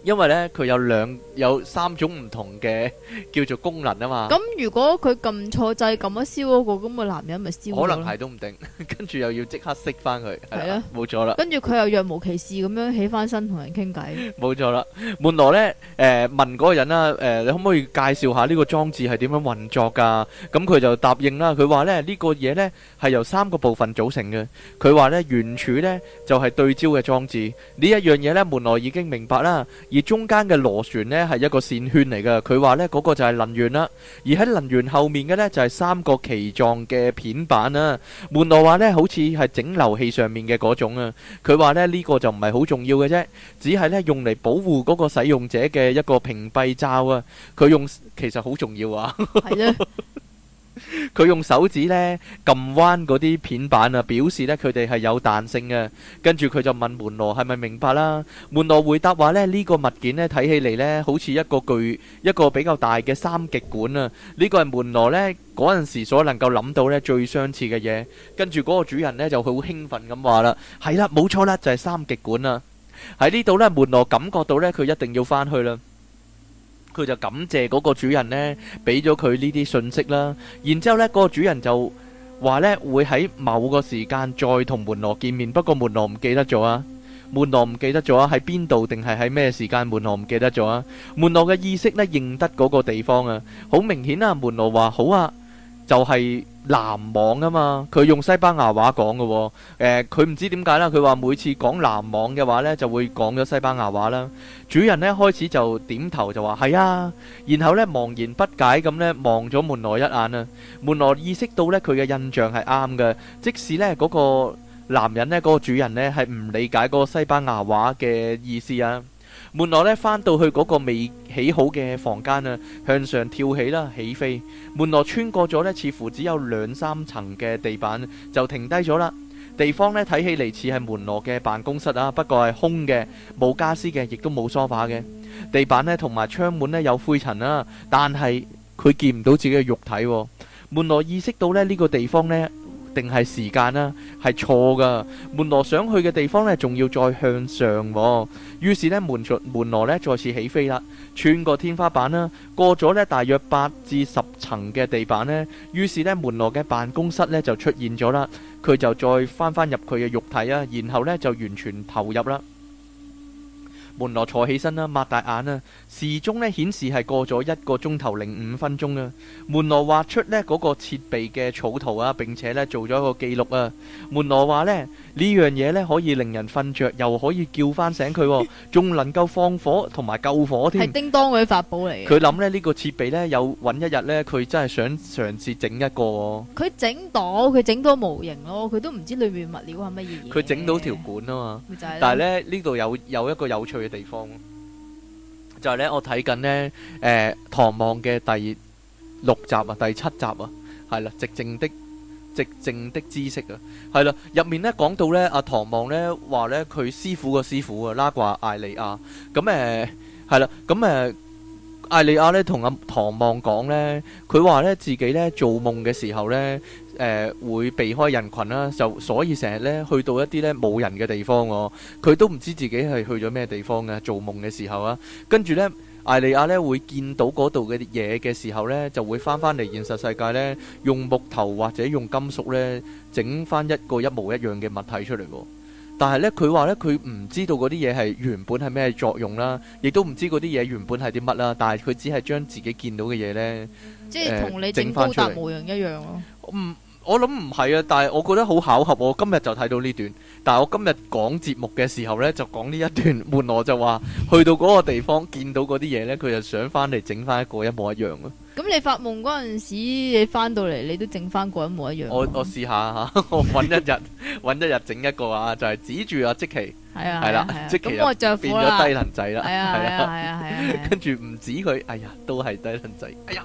因為咧佢有兩有三種唔同嘅叫做功能啊嘛。咁如果佢撳錯掣撳咗燒嗰個，咁個男人咪燒咗咯。可能係都唔定，跟住又要即刻熄翻佢。係啊，冇錯啦。跟住佢又若無其事咁樣起翻身同人傾偈。冇錯啦，門羅咧誒問嗰個人啦，誒你可唔可以介紹下呢個裝置係點樣運作噶？咁佢就答應啦，佢話咧呢個嘢咧係由三個部分組成嘅。佢話咧原處咧就係對焦嘅裝置，呢一樣嘢咧門羅已經明白啦。而中間嘅螺旋呢係一個線圈嚟嘅，佢話呢嗰、那個就係能源啦。而喺能源後面嘅呢就係、是、三個奇狀嘅片板啦、啊。門羅話呢好似係整流器上面嘅嗰種啊。佢話呢呢、這個就唔係好重要嘅啫，只係呢用嚟保護嗰個使用者嘅一個屏蔽罩啊。佢用其實好重要啊。 係咧。佢 用手指呢撳彎嗰啲片板啊，表示呢佢哋係有彈性嘅。跟住佢就問門羅係咪明白啦？門羅回答話咧呢、呢個物件呢，睇起嚟呢好似一個巨一個比較大嘅三極管啊。呢個、呢個係門羅呢嗰陣時所能夠諗到呢最相似嘅嘢。跟住嗰個主人呢就好興奮咁話啦，係啦，冇錯啦，就係、是、三極管啊。喺呢度呢，門羅感覺到呢，佢一定要返去啦。佢就感謝嗰個主人呢，俾咗佢呢啲信息啦。然之後呢，嗰個主人就話呢，會喺某個時間再同門羅見面。不過門羅唔記得咗啊，門羅唔記得咗啊，喺邊度定係喺咩時間？門羅唔記得咗啊。門羅嘅意識呢，認得嗰個地方啊，好明顯啊。門羅話：好啊，就係。南網啊嘛，佢用西班牙話講嘅喎，佢、呃、唔知點解啦，佢話每次講南網嘅話呢，就會講咗西班牙話啦。主人呢，開始就點頭就話係啊，然後呢，茫然不解咁呢，望咗門羅一眼啦，門羅意識到呢，佢嘅印象係啱嘅，即使呢，嗰、那個男人呢，嗰、那個主人呢，係唔理解嗰個西班牙話嘅意思啊。門羅呢翻到去嗰個未起好嘅房間啦，向上跳起啦，起飛。門羅穿過咗呢，似乎只有兩三層嘅地板就停低咗啦。地方呢，睇起嚟似係門羅嘅辦公室啊，不過係空嘅，冇家私嘅，亦都冇梳化嘅。地板呢，同埋窗門呢，有灰塵啦、啊，但係佢見唔到自己嘅肉體、啊。門羅意識到呢，呢、這個地方呢。定係時間啦，係錯噶。門羅想去嘅地方呢，仲要再向上哦。於是呢，門門羅再次起飛啦，穿過天花板啦，過咗呢大約八至十層嘅地板呢。於是呢，門羅嘅辦公室呢就出現咗啦。佢就再返返入佢嘅肉體啊，然後呢，就完全投入啦。門羅坐起身啦，擘大眼啦，時鐘咧顯示係過咗一個鐘頭零五分鐘啊。門羅畫出咧嗰個設備嘅草圖啊，並且咧做咗一個記錄啊。門羅話咧呢樣嘢咧可以令人瞓著，又可以叫翻醒佢，仲能夠放火同埋救火添。係叮當嘅法寶嚟嘅。佢諗咧呢個設備咧有揾一日咧，佢真係想嘗試整一個。佢整到，佢整到模型咯，佢都唔知裏面物料係乜嘢。佢整到條管啊嘛，但係咧呢度有有一個有趣嘅。地方就係、是、咧，我睇緊呢誒、呃，唐望嘅第六集啊，第七集啊，係啦，寂靜的寂靜的知識啊，係啦，入面呢講到呢，阿、啊、唐望呢話呢，佢師傅個師傅啊，拉掛艾利亞，咁誒係啦，咁、嗯、誒、嗯嗯、艾利亞呢同阿、啊、唐望講呢，佢話呢自己呢，做夢嘅時候呢。誒、呃，會避開人群啦、啊，就所以成日咧去到一啲咧冇人嘅地方、啊，我佢都唔知自己係去咗咩地方嘅。做夢嘅時候啊，跟住呢，艾利亞咧會見到嗰度嘅嘢嘅時候呢，就會翻返嚟現實世界呢，用木頭或者用金屬呢，整翻一個一模一樣嘅物體出嚟、啊。但係呢，佢話呢，佢唔知道嗰啲嘢係原本係咩作用啦、啊，亦都唔知嗰啲嘢原本係啲乜啦。但係佢只係將自己見到嘅嘢呢，即係是同、呃、你整高大模樣一樣咯、啊。唔，我諗唔係啊，但係我覺得好巧合，我今日就睇到呢段。但係我今日講節目嘅時候呢，就講呢一段，門羅就話去到嗰個地方見到嗰啲嘢呢，佢就想翻嚟整翻一個一模一樣咯。咁你發夢嗰陣時，你翻到嚟，你都整翻個一模一樣。我我試下吓，我揾一日揾一日整一個啊，就係指住阿即其係啊係啦，即其咁我丈夫變咗低能仔啦，係啊係啊係跟住唔指佢，哎呀，都係低能仔。哎呀。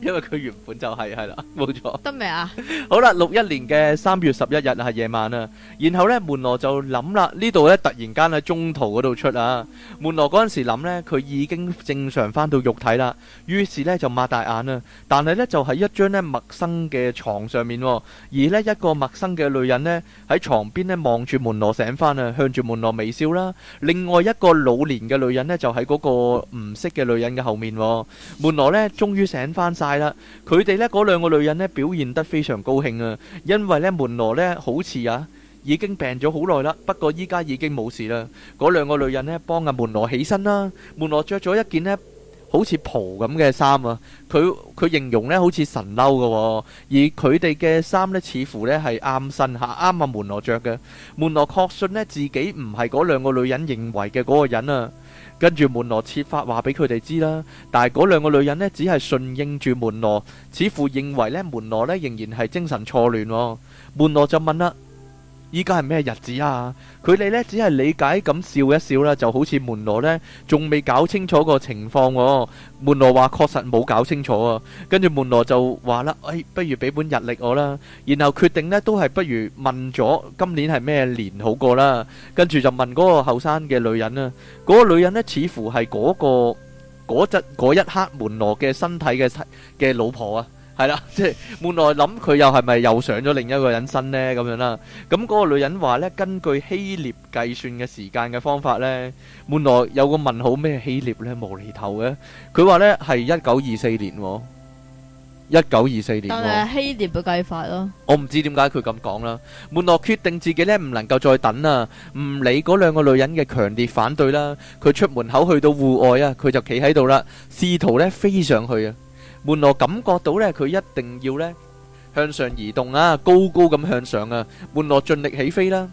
因為佢原本就係係啦，冇錯，得未啊？好啦，六一年嘅三月十一日啊，係夜晚啊。然後咧，門羅就諗啦，呢度咧突然間喺中途嗰度出啊。門羅嗰陣時諗咧，佢已經正常翻到肉體啦。於是咧就擘大眼啦，但係咧就喺一張咧陌生嘅床上面，而咧一個陌生嘅女人咧喺床邊咧望住門羅醒翻啊，向住門羅微笑啦。另外一個老年嘅女人咧就喺嗰個唔識嘅女人嘅後面。門羅咧終於醒翻晒啦！佢哋呢，嗰兩個女人呢，表現得非常高興啊，因為呢，門羅呢好似啊已經病咗好耐啦，不過依家已經冇事啦。嗰兩個女人呢幫阿、啊、門羅起身啦、啊，門羅着咗一件呢好似袍咁嘅衫啊，佢佢形容呢好似神褸㗎、哦，而佢哋嘅衫呢似乎呢係啱身吓，啱阿、啊、門羅着嘅。門羅確信呢自己唔係嗰兩個女人認為嘅嗰個人啊。跟住門羅設法話俾佢哋知啦，但係嗰兩個女人咧只係順應住門羅，似乎認為咧門羅咧仍然係精神錯亂。門羅就問啦。依家係咩日子啊？佢哋呢只係理解咁笑一笑啦，就好似門羅呢仲未搞清楚個情況喎。門羅話確實冇搞清楚啊、哦，跟住門羅就話啦：，哎，不如俾本日曆我啦。然後決定呢都係不如問咗今年係咩年好過啦。跟住就問嗰個後生嘅女人啊。嗰個女人呢，似乎係嗰個嗰、嗰一刻門羅嘅身體嘅嘅老婆啊。係啦，即係，門羅諗佢又係咪又上咗另一個人身咧咁樣啦？咁嗰個女人話咧，根據希臘計算嘅時間嘅方法咧，門羅有個問號咩希臘咧，無厘頭嘅。佢話咧係一九二四年，一九二四年，希臘嘅計法咯。我唔知點解佢咁講啦。門羅決定自己咧唔能夠再等啦，唔理嗰兩個女人嘅強烈反對啦，佢出門口去到戶外啊，佢就企喺度啦，試圖咧飛上去啊。門羅感覺到咧，佢一定要咧向上移動啊，高高咁向上啊！門羅盡力起飛啦，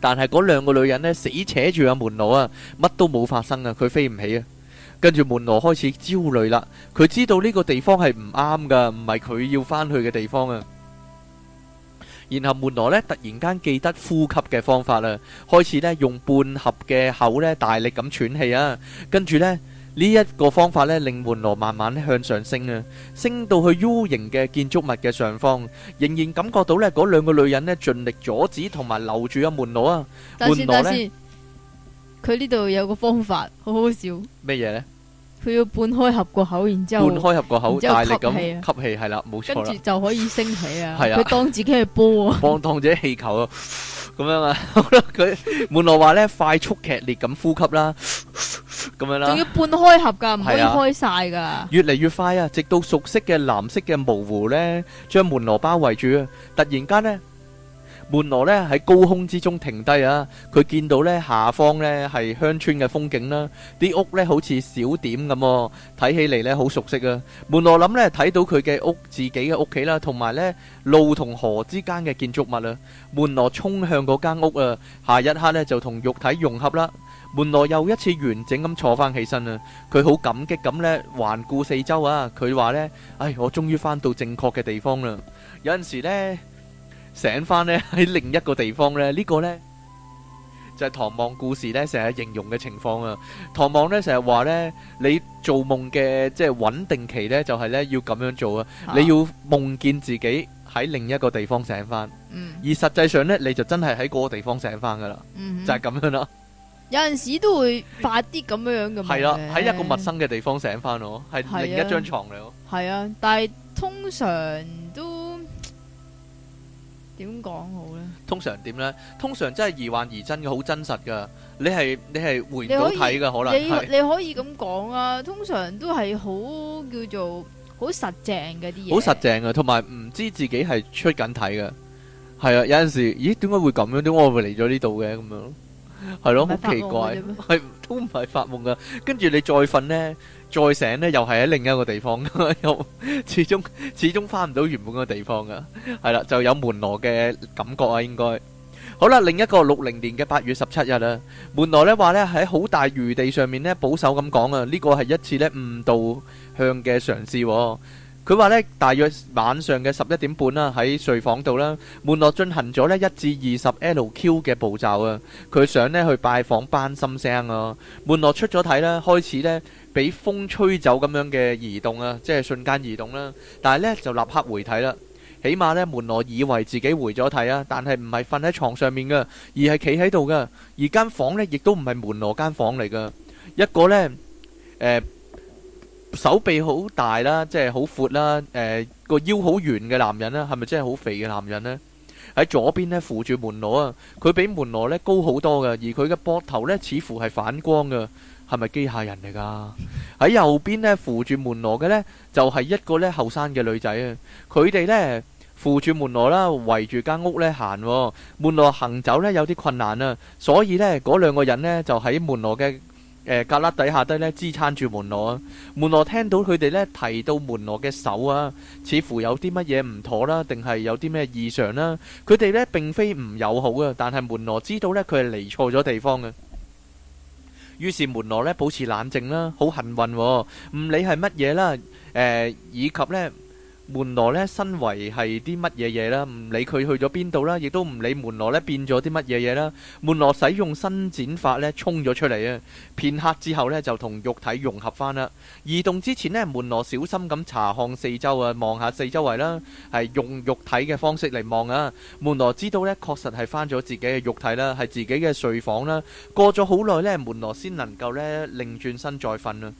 但係嗰兩個女人咧死扯住阿門羅啊，乜都冇發生啊，佢飛唔起啊！跟住門羅開始焦慮啦，佢知道呢個地方係唔啱噶，唔係佢要翻去嘅地方啊！然後門羅咧突然間記得呼吸嘅方法啦，開始咧用半合嘅口咧大力咁喘氣啊，跟住咧。呢一個方法咧，令門羅慢慢向上升啊，升到去 U 型嘅建築物嘅上方，仍然感覺到咧嗰兩個女人咧盡力阻止同埋留住阿門羅啊。但係，但係，佢呢度有個方法，好好笑。咩嘢咧？佢要半開合個口，然之後半開合個口，然之後大力咁吸氣，吸氣係啦，冇錯啦，跟住就可以升起啊。佢當自己係波啊，放當自己氣球啊，咁樣啊。好啦，佢門羅話咧，快速劇烈咁呼吸啦。咁樣啦，仲要半開合㗎，唔可以開晒㗎。越嚟越快啊！直到熟悉嘅藍色嘅模糊咧，將門羅包圍住。突然間咧，門羅咧喺高空之中停低啊！佢見到咧下方咧係鄉村嘅風景啦，啲屋咧好似小點咁，睇起嚟咧好熟悉啊！門羅諗咧睇到佢嘅屋，自己嘅屋企啦，同埋咧路同河之間嘅建築物啊！門羅衝向嗰間屋啊！下一刻咧就同肉體融合啦。門羅又一次完整咁坐翻起身啊。佢好感激咁咧環顧四周啊，佢話呢：哎「唉，我終於翻到正確嘅地方啦！有陣時咧醒翻呢喺另一個地方呢。呢、這個呢，就係、是、唐望故事呢成日形容嘅情況啊。唐望呢成日話呢：「你做夢嘅即係穩定期呢，就係、是、呢要咁樣做啊！啊你要夢見自己喺另一個地方醒翻，嗯、而實際上呢，你就真係喺嗰個地方醒翻㗎喇，嗯、就係咁樣啦。嗯 有陣時都會發啲咁樣樣嘅，係啦，喺一個陌生嘅地方醒翻咯，係另一張床嚟咯。係啊，但係通常都點講好咧？通常點咧？通常真係疑幻疑真嘅，好真實噶。你係你係回唔到體噶，可能你你可以咁講啊。通常都係好叫做好實淨嘅啲嘢，好實淨嘅，同埋唔知自己係出緊體嘅。係啊，有陣時咦，點解會咁樣？點解會我嚟咗呢度嘅咁樣？係咯，好奇怪，係都唔係發夢噶。跟住你再瞓呢，再醒呢，又係喺另一個地方噶， 始終始終翻唔到原本個地方噶。係啦，就有門羅嘅感覺啊應該，應該。好啦。另一個六零年嘅八月十七日啊，門羅呢話呢喺好大餘地上面呢保守咁講啊，呢個係一次呢誤導向嘅嘗試。佢話呢，大約晚上嘅十一點半啦，喺睡房度啦，門羅進行咗呢一至二十 LQ 嘅步驟啊，佢想呢去拜訪班心聲啊，門羅出咗體啦，開始呢俾風吹走咁樣嘅移動啊，即係瞬間移動啦，但係呢就立刻回體啦，起碼呢門羅以為自己回咗體啊，但係唔係瞓喺牀上面噶，而係企喺度噶，而間房呢亦都唔係門羅間房嚟噶，一個呢誒。手臂好大啦，即係好闊啦，誒個腰好圓嘅男人啦，係咪真係好肥嘅男人呢？喺左邊呢扶住門羅啊，佢比門羅呢高好多噶，而佢嘅膊頭呢似乎係反光噶，係咪機械人嚟噶？喺右邊呢扶住門羅嘅呢就係一個呢後生嘅女仔啊，佢哋呢扶住門羅啦，圍住間屋呢行，門羅行走呢有啲困難啊，所以呢嗰兩個人呢就喺門羅嘅。誒、呃，格拉底下低呢支撐住門羅啊，門羅聽到佢哋呢提到門羅嘅手啊，似乎有啲乜嘢唔妥啦，定係有啲咩異常啦？佢哋呢並非唔友好啊，但係門羅知道呢，佢係嚟錯咗地方嘅，於是門羅呢保持冷靜、哦、啦，好幸運，唔理係乜嘢啦，誒以及呢。門羅呢身為係啲乜嘢嘢啦，唔理佢去咗邊度啦，亦都唔理門羅呢變咗啲乜嘢嘢啦。門羅使用伸展法呢，衝咗出嚟啊！片刻之後呢，就同肉體融合翻啦。移動之前呢，門羅小心咁查看四周啊，望下四周圍啦，係用肉體嘅方式嚟望啊。門羅知道呢，確實係翻咗自己嘅肉體啦，係自己嘅睡房啦。過咗好耐呢，門羅先能夠呢，擰轉身再瞓啊。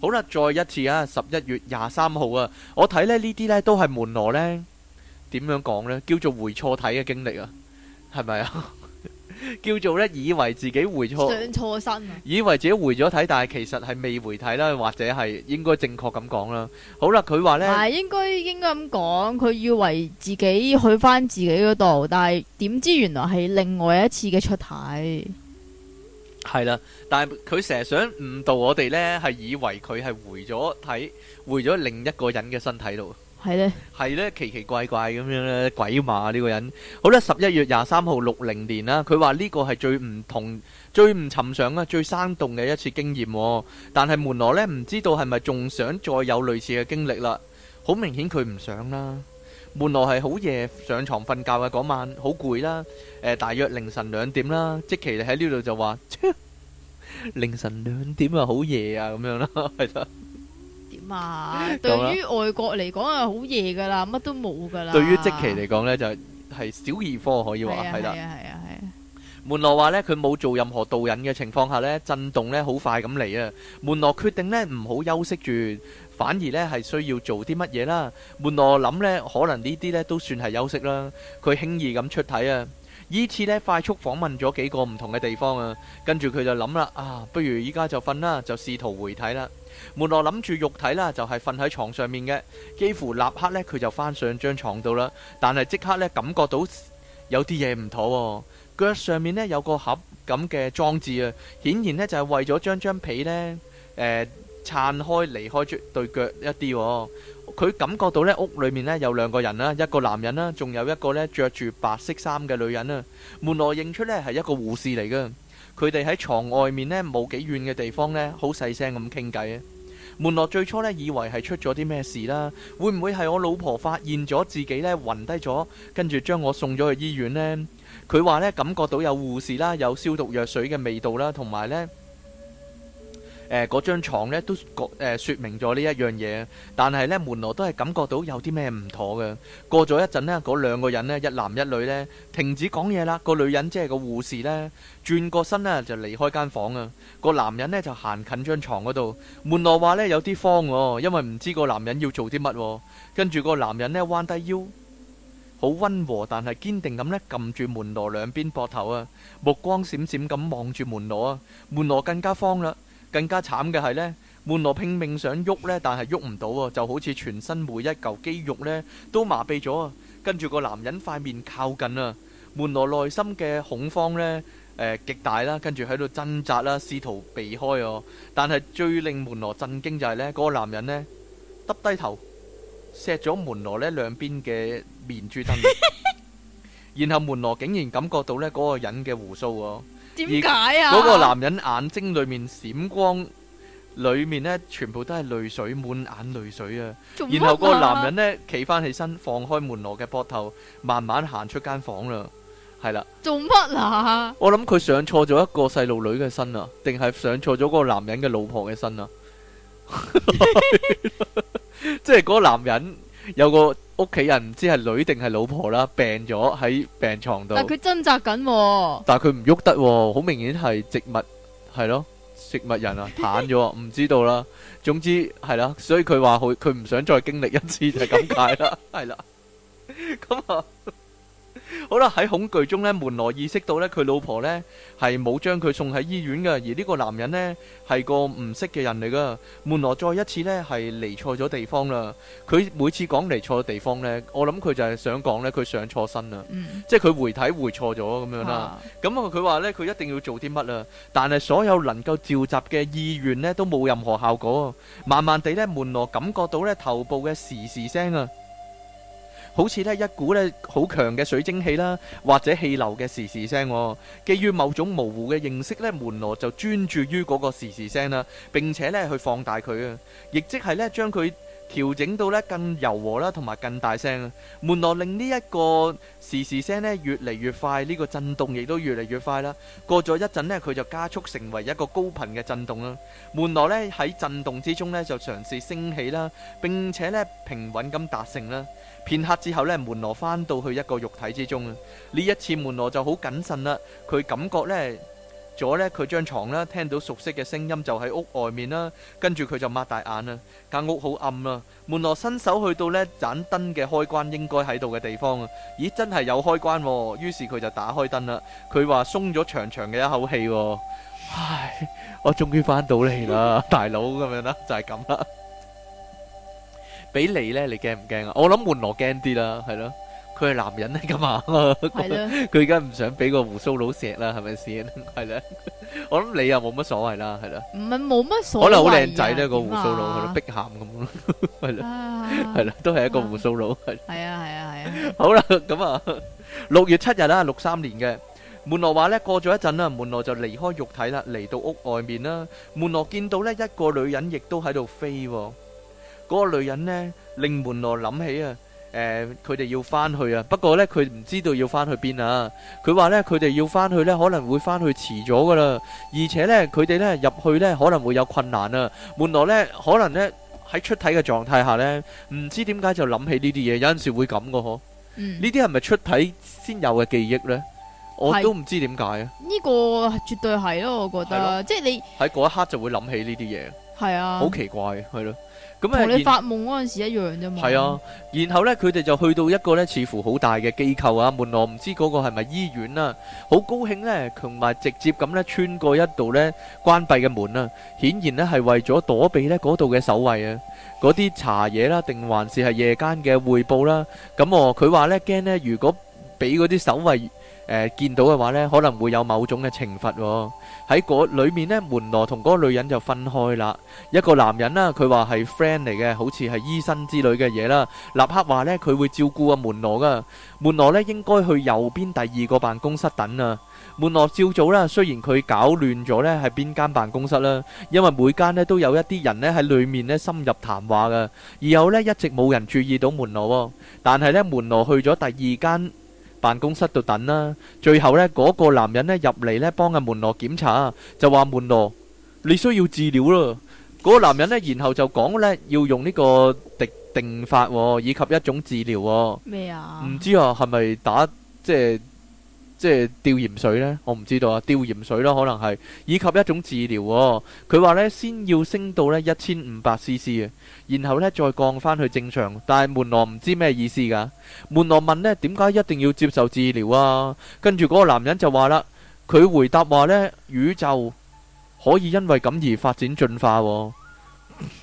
好啦，再一次啊！十一月廿三號啊，我睇咧呢啲呢都係門羅呢，點樣講呢？叫做回錯體嘅經歷啊，係咪啊？ 叫做呢，以為自己回錯身、啊、以為自己回咗體，但係其實係未回體啦，或者係應該正確咁講啦。好啦，佢話呢，係應該應該咁講，佢以為自己去翻自己嗰度，但係點知原來係另外一次嘅出體。係啦，但係佢成日想誤導我哋呢，係以為佢係回咗睇，回咗另一個人嘅身體度，係呢的，係呢奇奇怪怪咁樣咧鬼馬，呢個人。好啦，十一月廿三號六零年啦，佢話呢個係最唔同，最唔尋常啊，最生動嘅一次經驗、哦。但係門羅呢，唔知道係咪仲想再有類似嘅經歷啦？好明顯佢唔想啦。門羅係好夜上床瞓覺嘅嗰晚，好攰啦。誒，大約凌晨兩點啦。即奇喺呢度就話凌晨兩點啊，好夜啊，咁樣啦，係啦。點啊？對於外國嚟講係好夜噶啦，乜都冇噶啦。對於即奇嚟講咧，就係小兒科可以話係啦。係啊係啊係。門羅話咧，佢冇做任何導引嘅情況下咧，震動咧好快咁嚟啊。門羅決定咧唔好休息住。反而咧係需要做啲乜嘢啦？門羅諗呢，可能呢啲咧都算係休息啦。佢輕易咁出體啊！依次咧快速訪問咗幾個唔同嘅地方啊，跟住佢就諗啦，啊，不如依家就瞓啦，就試圖回體啦。門羅諗住肉體啦，就係瞓喺床上面嘅，幾乎立刻呢，佢就翻上張床度啦。但係即刻呢，感覺到有啲嘢唔妥，哦，腳上面呢，有個盒咁嘅裝置啊，顯然呢，就係、係、為咗將張被呢。誒、呃。撐開離開出對腳一啲、哦，佢感覺到咧屋裏面咧有兩個人啦，一個男人啦，仲有一個咧著住白色衫嘅女人啊。門羅認出咧係一個護士嚟㗎，佢哋喺床外面咧冇幾遠嘅地方咧，好細聲咁傾偈啊。門羅最初咧以為係出咗啲咩事啦，會唔會係我老婆發現咗自己咧暈低咗，跟住將我送咗去醫院呢？佢話咧感覺到有護士啦，有消毒藥水嘅味道啦，同埋呢。誒嗰張牀咧都誒説、呃、明咗呢一樣嘢，但係咧門羅都係感覺到有啲咩唔妥嘅。過咗一陣呢，嗰兩個人呢，一男一女呢，停止講嘢啦。個女人即係個護士呢，轉過身呢，就離開間房啊。個男人呢，就行近張床嗰度。門羅話呢，有啲慌喎、哦，因為唔知個男人要做啲乜、哦。跟住個男人呢，彎低腰，好温和但係堅定咁呢，撳住門羅兩邊膊頭啊，目光閃閃咁望住門羅啊。門羅更加慌啦。更加慘嘅係咧，門羅拼命想喐咧，但係喐唔到喎，就好似全身每一嚿肌肉咧都麻痹咗啊！跟住個男人塊面靠近啦，門羅內心嘅恐慌咧誒極大啦，跟住喺度掙扎啦，試圖避開哦。但係最令門羅震驚就係咧，個男人咧耷低頭錫咗門羅咧兩邊嘅面珠燈，然後門羅竟然感覺到咧嗰個人嘅鬍鬚哦。點解啊？嗰個男人眼睛裏面閃光，裏面呢全部都係淚水，滿眼淚水啊！然後個男人呢企翻起身，放開門羅嘅膊頭，慢慢行出間房啦。係啦，做乜啊？我諗佢上錯咗一個細路女嘅身啊，定係上錯咗個男人嘅老婆嘅身啊？即係嗰個男人有個。屋企人唔知係女定係老婆啦，病咗喺病床度。但佢掙扎緊、啊，但係佢唔喐得、啊，好明顯係植物，係咯，植物人啊，癱咗，唔知道啦。總之係啦，所以佢話佢佢唔想再經歷一次就係咁解啦，係啦 是的，咁啊。好啦，喺恐懼中咧，門羅意識到咧佢老婆咧係冇將佢送喺醫院嘅，而呢個男人咧係個唔識嘅人嚟噶。門羅再一次咧係嚟錯咗地方啦。佢每次講嚟錯地方咧，我諗佢就係想講咧佢上錯身啦，即係佢回體回錯咗咁樣啦。咁啊，佢話咧佢一定要做啲乜啊，但係所有能夠召集嘅意願咧都冇任何效果。慢慢地咧，門羅感覺到咧頭部嘅時時聲啊。好似咧一股咧好強嘅水蒸氣啦，或者氣流嘅時時聲。基於某種模糊嘅認識呢，門羅就專注於嗰個時時聲啦，並且呢去放大佢啊，亦即係呢將佢調整到呢更柔和啦，同埋更大聲啊。門羅令呢一個時時聲呢越嚟越快，呢個震動亦都越嚟越快啦。過咗一陣呢，佢就加速成為一個高頻嘅震動啦。門羅呢喺震動之中呢就嘗試升起啦，並且呢平穩咁達成啦。片刻之後咧，門羅翻到去一個肉體之中啊！呢一次門羅就好謹慎啦，佢感覺咧，咗咧佢張牀啦，聽到熟悉嘅聲音就喺屋外面啦，跟住佢就擘大眼啦，間屋好暗啦，門羅伸手去到呢盞燈嘅開關應該喺度嘅地方啊！咦，真係有開關喎！於是佢就打開燈啦，佢話鬆咗長長嘅一口氣，唉，我終於翻到嚟啦，大佬咁樣啦，就係咁啦。俾你咧，你驚唔驚啊？我諗門羅驚啲啦，係咯，佢係男人嚟噶嘛，佢而家唔想俾個鬍鬚佬錫啦，係咪先？係咧，我諗你又冇乜所謂啦，係啦。唔係冇乜所謂。可能好靚仔咧，個鬍鬚佬係咯，碧咸咁咯，係啦，係啦，都係一個鬍鬚佬係。係啊係啊係啊。好啦，咁啊，六月七日啦，六三年嘅門羅話咧，過咗一陣啦，門羅就離開肉體啦，嚟到屋外面啦。門羅見到咧一個女人，亦都喺度飛。嗰個女人呢令門羅諗起啊，誒，佢哋要翻去啊，不過呢佢唔知道要翻去邊啊。佢話呢佢哋要翻去呢，可能會翻去遲咗噶啦，而且呢佢哋呢入去呢可能會有困難啊。門羅呢可能呢喺出體嘅狀態下呢，唔知點解就諗起呢啲嘢，有陣時會咁噶嗬。嗯，呢啲係咪出體先有嘅記憶呢？我都唔知點解啊。呢個絕對係咯，我覺得，即係你喺嗰一刻就會諗起呢啲嘢，係啊，好奇怪，係咯。同你發夢嗰陣時一樣啫嘛。係啊，然後咧，佢哋就去到一個咧，似乎好大嘅機構啊，門羅唔知嗰個係咪醫院啦。好高興咧，同埋直接咁咧，穿過一道咧關閉嘅門啦。顯然咧係為咗躲避咧嗰度嘅守衞啊。嗰啲查嘢啦，定還是係夜間嘅匯報啦。咁我佢話咧驚咧，如果俾嗰啲守衞，誒、呃，見到嘅話呢，可能會有某種嘅懲罰喎。喺嗰裏面呢，門羅同嗰個女人就分開啦。一個男人啦、啊，佢話係 friend 嚟嘅，好似係醫生之類嘅嘢啦。立刻話呢，佢會照顧阿門羅噶。門羅呢，應該去右邊第二個辦公室等啊。門羅照早啦，雖然佢搞亂咗呢係邊間辦公室啦、啊，因為每間呢都有一啲人呢喺裏面呢深入談話噶，然後呢，一直冇人注意到門羅。但係呢，門羅去咗第二間辦公室度等啦，最後呢，嗰、那個男人呢入嚟呢幫阿門羅檢查，就話門羅，你需要治療咯。嗰、那個男人呢，然後就講呢，要用呢個定法、哦、以及一種治療、哦。咩啊？唔知啊，係咪打，即係？即係吊鹽水呢？我唔知道啊，吊鹽水咯，可能係以及一種治療、哦。佢話呢，先要升到呢一千五百 CC 嘅，然後呢，再降翻去正常。但係門羅唔知咩意思噶？門羅問呢點解一定要接受治療啊？跟住嗰個男人就話啦，佢回答話呢，宇宙可以因為咁而發展進化、哦。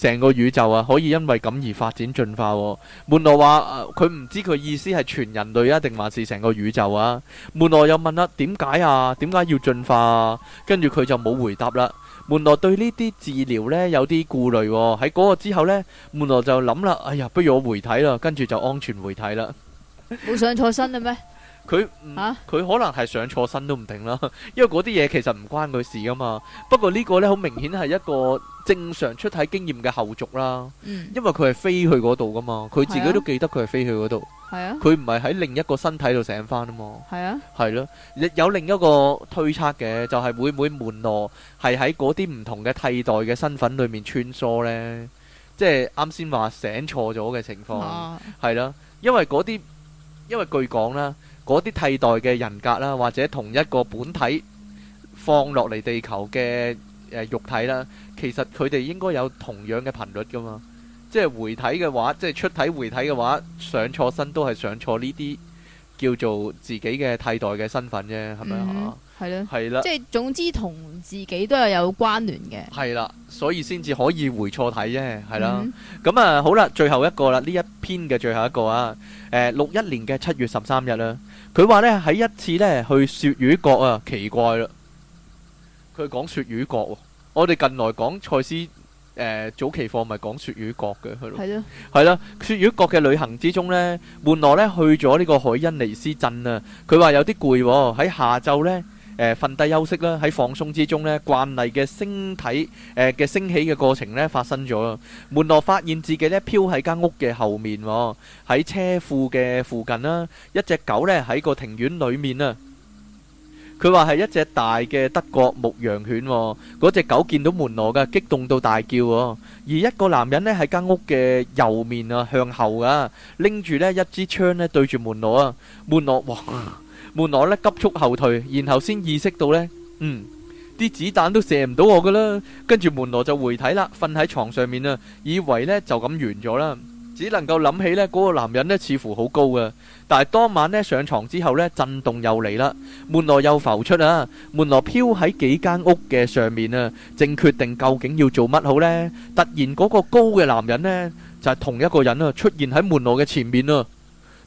成個宇宙啊，可以因為咁而發展進化、啊。門羅話，佢、啊、唔知佢意思係全人類啊，定還是成個宇宙啊？門羅又問啊，點解啊？點解要進化、啊？跟住佢就冇回答啦。門羅對呢啲治療呢有啲顧慮喎、啊。喺嗰個之後呢，門羅就諗啦，哎呀，不如我回體啦。跟住就安全回體啦。冇上錯身啦咩？ 佢佢、嗯啊、可能係上錯身都唔定啦，因為嗰啲嘢其實唔關佢事噶嘛。不過呢個呢，好明顯係一個正常出體經驗嘅後續啦。嗯、因為佢係飛去嗰度噶嘛，佢自己都記得佢係飛去嗰度。佢唔係喺另一個身體度醒翻啊嘛。係啊，係咯。有另一個推測嘅，就係、是、會唔會門羅係喺嗰啲唔同嘅替代嘅身份裏面穿梭呢？即係啱先話醒錯咗嘅情況，係咯、啊。因為嗰啲，因為據講啦。嗰啲替代嘅人格啦，或者同一個本體放落嚟地球嘅，誒、呃、肉體啦，其實佢哋應該有同樣嘅頻率噶嘛。即係回體嘅話，即係出體回體嘅話，上錯身都係上錯呢啲叫做自己嘅替代嘅身份啫，係咪啊？係咯、嗯，係啦，的即係總之同自己都係有關聯嘅。係啦，所以先至可以回錯體啫，係啦。咁啊、嗯哼，好啦，最後一個啦，呢一篇嘅最後一個啊，誒六一年嘅七月十三日啦。佢話呢，喺一次呢去鱈魚角啊，奇怪啦！佢講鱈魚角，啊，我哋近來講賽斯誒早期課咪講鱈魚角嘅，係咯了，係啦。鱈魚角嘅旅行之中呢，門羅呢去咗呢個海恩尼斯鎮啊！佢話有啲攰喎，喺下晝呢。誒瞓低休息啦，喺放鬆之中咧，慣例嘅升體誒嘅升起嘅過程咧發生咗。門羅發現自己咧飄喺間屋嘅後面喎，喺車庫嘅附近啦。一隻狗咧喺個庭院裏面啊，佢話係一隻大嘅德國牧羊犬。嗰隻狗見到門羅㗎，激動到大叫。而一個男人咧喺間屋嘅右面啊，向後啊，拎住咧一支槍咧對住門羅啊。門羅哇！門羅咧急速後退，然後先意識到咧，嗯，啲子彈都射唔到我噶啦。跟住門羅就回體啦，瞓喺床上面啊，以為咧就咁完咗啦，只能夠諗起咧嗰個男人咧似乎好高噶，但係當晚咧上床之後咧震動又嚟啦，門羅又浮出啊，門羅飄喺幾間屋嘅上面啊，正決定究竟要做乜好咧，突然嗰個高嘅男人咧就係同一個人啊，出現喺門羅嘅前面啊。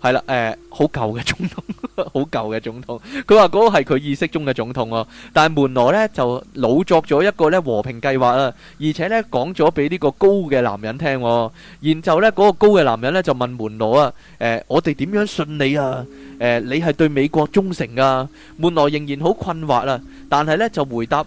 係啦，誒，好舊嘅總統，好舊嘅總統。佢話嗰個係佢意識中嘅總統咯、哦。但係門羅咧就老作咗一個咧和平計劃啦，而且呢講咗俾呢個高嘅男人聽、哦。然後呢，嗰、那個高嘅男人呢就問門羅啊，誒、欸，我哋點樣信你啊？誒、欸，你係對美國忠誠啊。」門羅仍然好困惑啦，但係呢就回答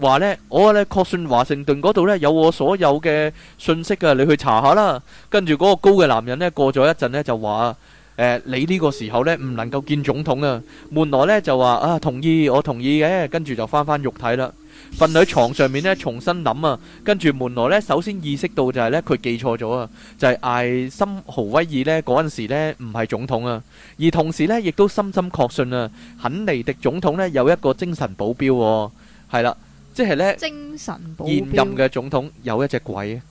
話咧，我咧確信華盛頓嗰度呢有我所有嘅信息啊，你去查下啦。跟住嗰個高嘅男人呢過咗一陣呢就話誒，你呢個時候咧唔能夠見總統啊？門羅咧就話啊同意，我同意嘅，跟住就翻翻肉體啦，瞓喺床上面咧，重新諗啊，跟住門羅咧首先意識到就係咧佢記錯咗啊，就係艾森豪威爾咧嗰陣時咧唔係總統啊，而同時咧亦都深深確信啊肯尼迪總統咧有一個精神保鏢，係啦，即係咧精神保鏢，現任嘅總統有一隻鬼，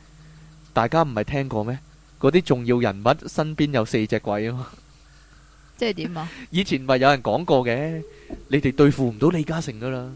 大家唔係聽過咩？嗰啲重要人物身邊有四隻鬼吖嘛？即係點啊？以前咪有人講過嘅，你哋對付唔到李嘉誠噶啦。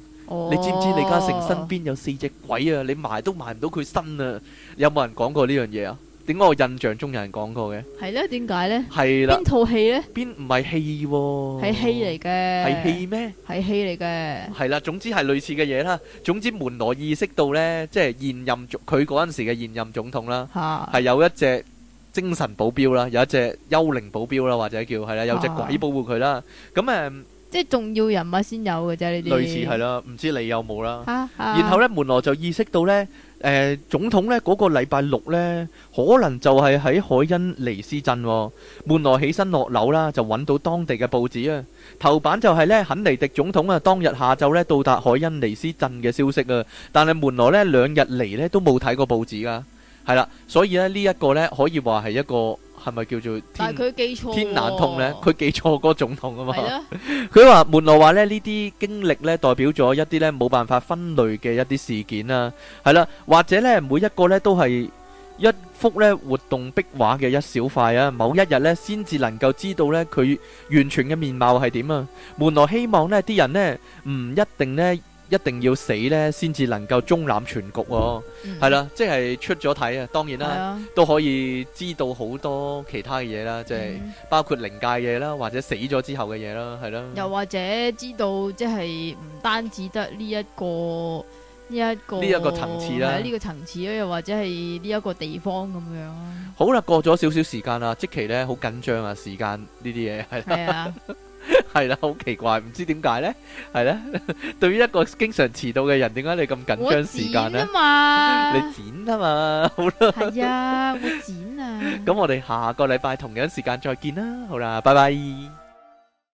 你知唔知李嘉誠身邊有四隻鬼啊？你埋都埋唔到佢身啊！有冇人講過呢樣嘢啊？點解我印象中有人講過嘅？係咧，點解呢？係啦。邊套戲呢？邊唔係戲喎？係戲嚟嘅。係戲咩？係戲嚟嘅。係啦，總之係類似嘅嘢啦。總之門羅意識到呢，即係現任總佢嗰陣時嘅現任總統啦，係有一隻。精神保鏢啦，有一隻幽靈保鏢啦，或者叫係啦，有隻鬼保護佢啦。咁、嗯、誒，即係重要人物先有嘅啫，呢啲類似係咯，唔知你有冇啦。然後咧，門羅就意識到咧，誒、呃，總統咧嗰，那個禮拜六咧，可能就係喺海恩尼斯鎮、哦。門羅起身落樓啦，就揾到當地嘅報紙啊，頭版就係咧肯尼迪總統啊當日下晝咧到達海恩尼斯鎮嘅消息啊，但係門羅呢兩日嚟，呢都冇睇過報紙噶。係啦，所以咧呢一個呢可以話係一個係咪叫做天記、哦、天難痛呢，佢記錯嗰種痛啊嘛。佢話、啊、 門羅話咧呢啲經歷呢代表咗一啲呢冇辦法分類嘅一啲事件啊，係啦，或者呢，每一個呢都係一幅呢活動壁畫嘅一小塊啊。某一日呢先至能夠知道呢佢完全嘅面貌係點啊。門羅希望呢啲人呢唔一定呢。一定要死咧，先至能夠中覽全局，係啦、嗯，即係、就是、出咗體啊！當然啦，的都可以知道好多其他嘅嘢啦，即、就、係、是、包括靈界嘢啦，或者死咗之後嘅嘢啦，係咯。又或者知道，即係唔單止得呢、這、一個呢一、這個呢一個層次啦，呢、這個層次，又或者係呢一個地方咁樣。好啦，過咗少少時間啦，即期咧好緊張啊，時間呢啲嘢係。的 係啦，好奇怪，唔知點解呢？係咧， 對於一個經常遲到嘅人，點解你咁緊張時間呢？剪 你剪啊嘛，好啦，係啊，我剪啊。咁 我哋下個禮拜同樣時間再見啦，好啦，拜拜。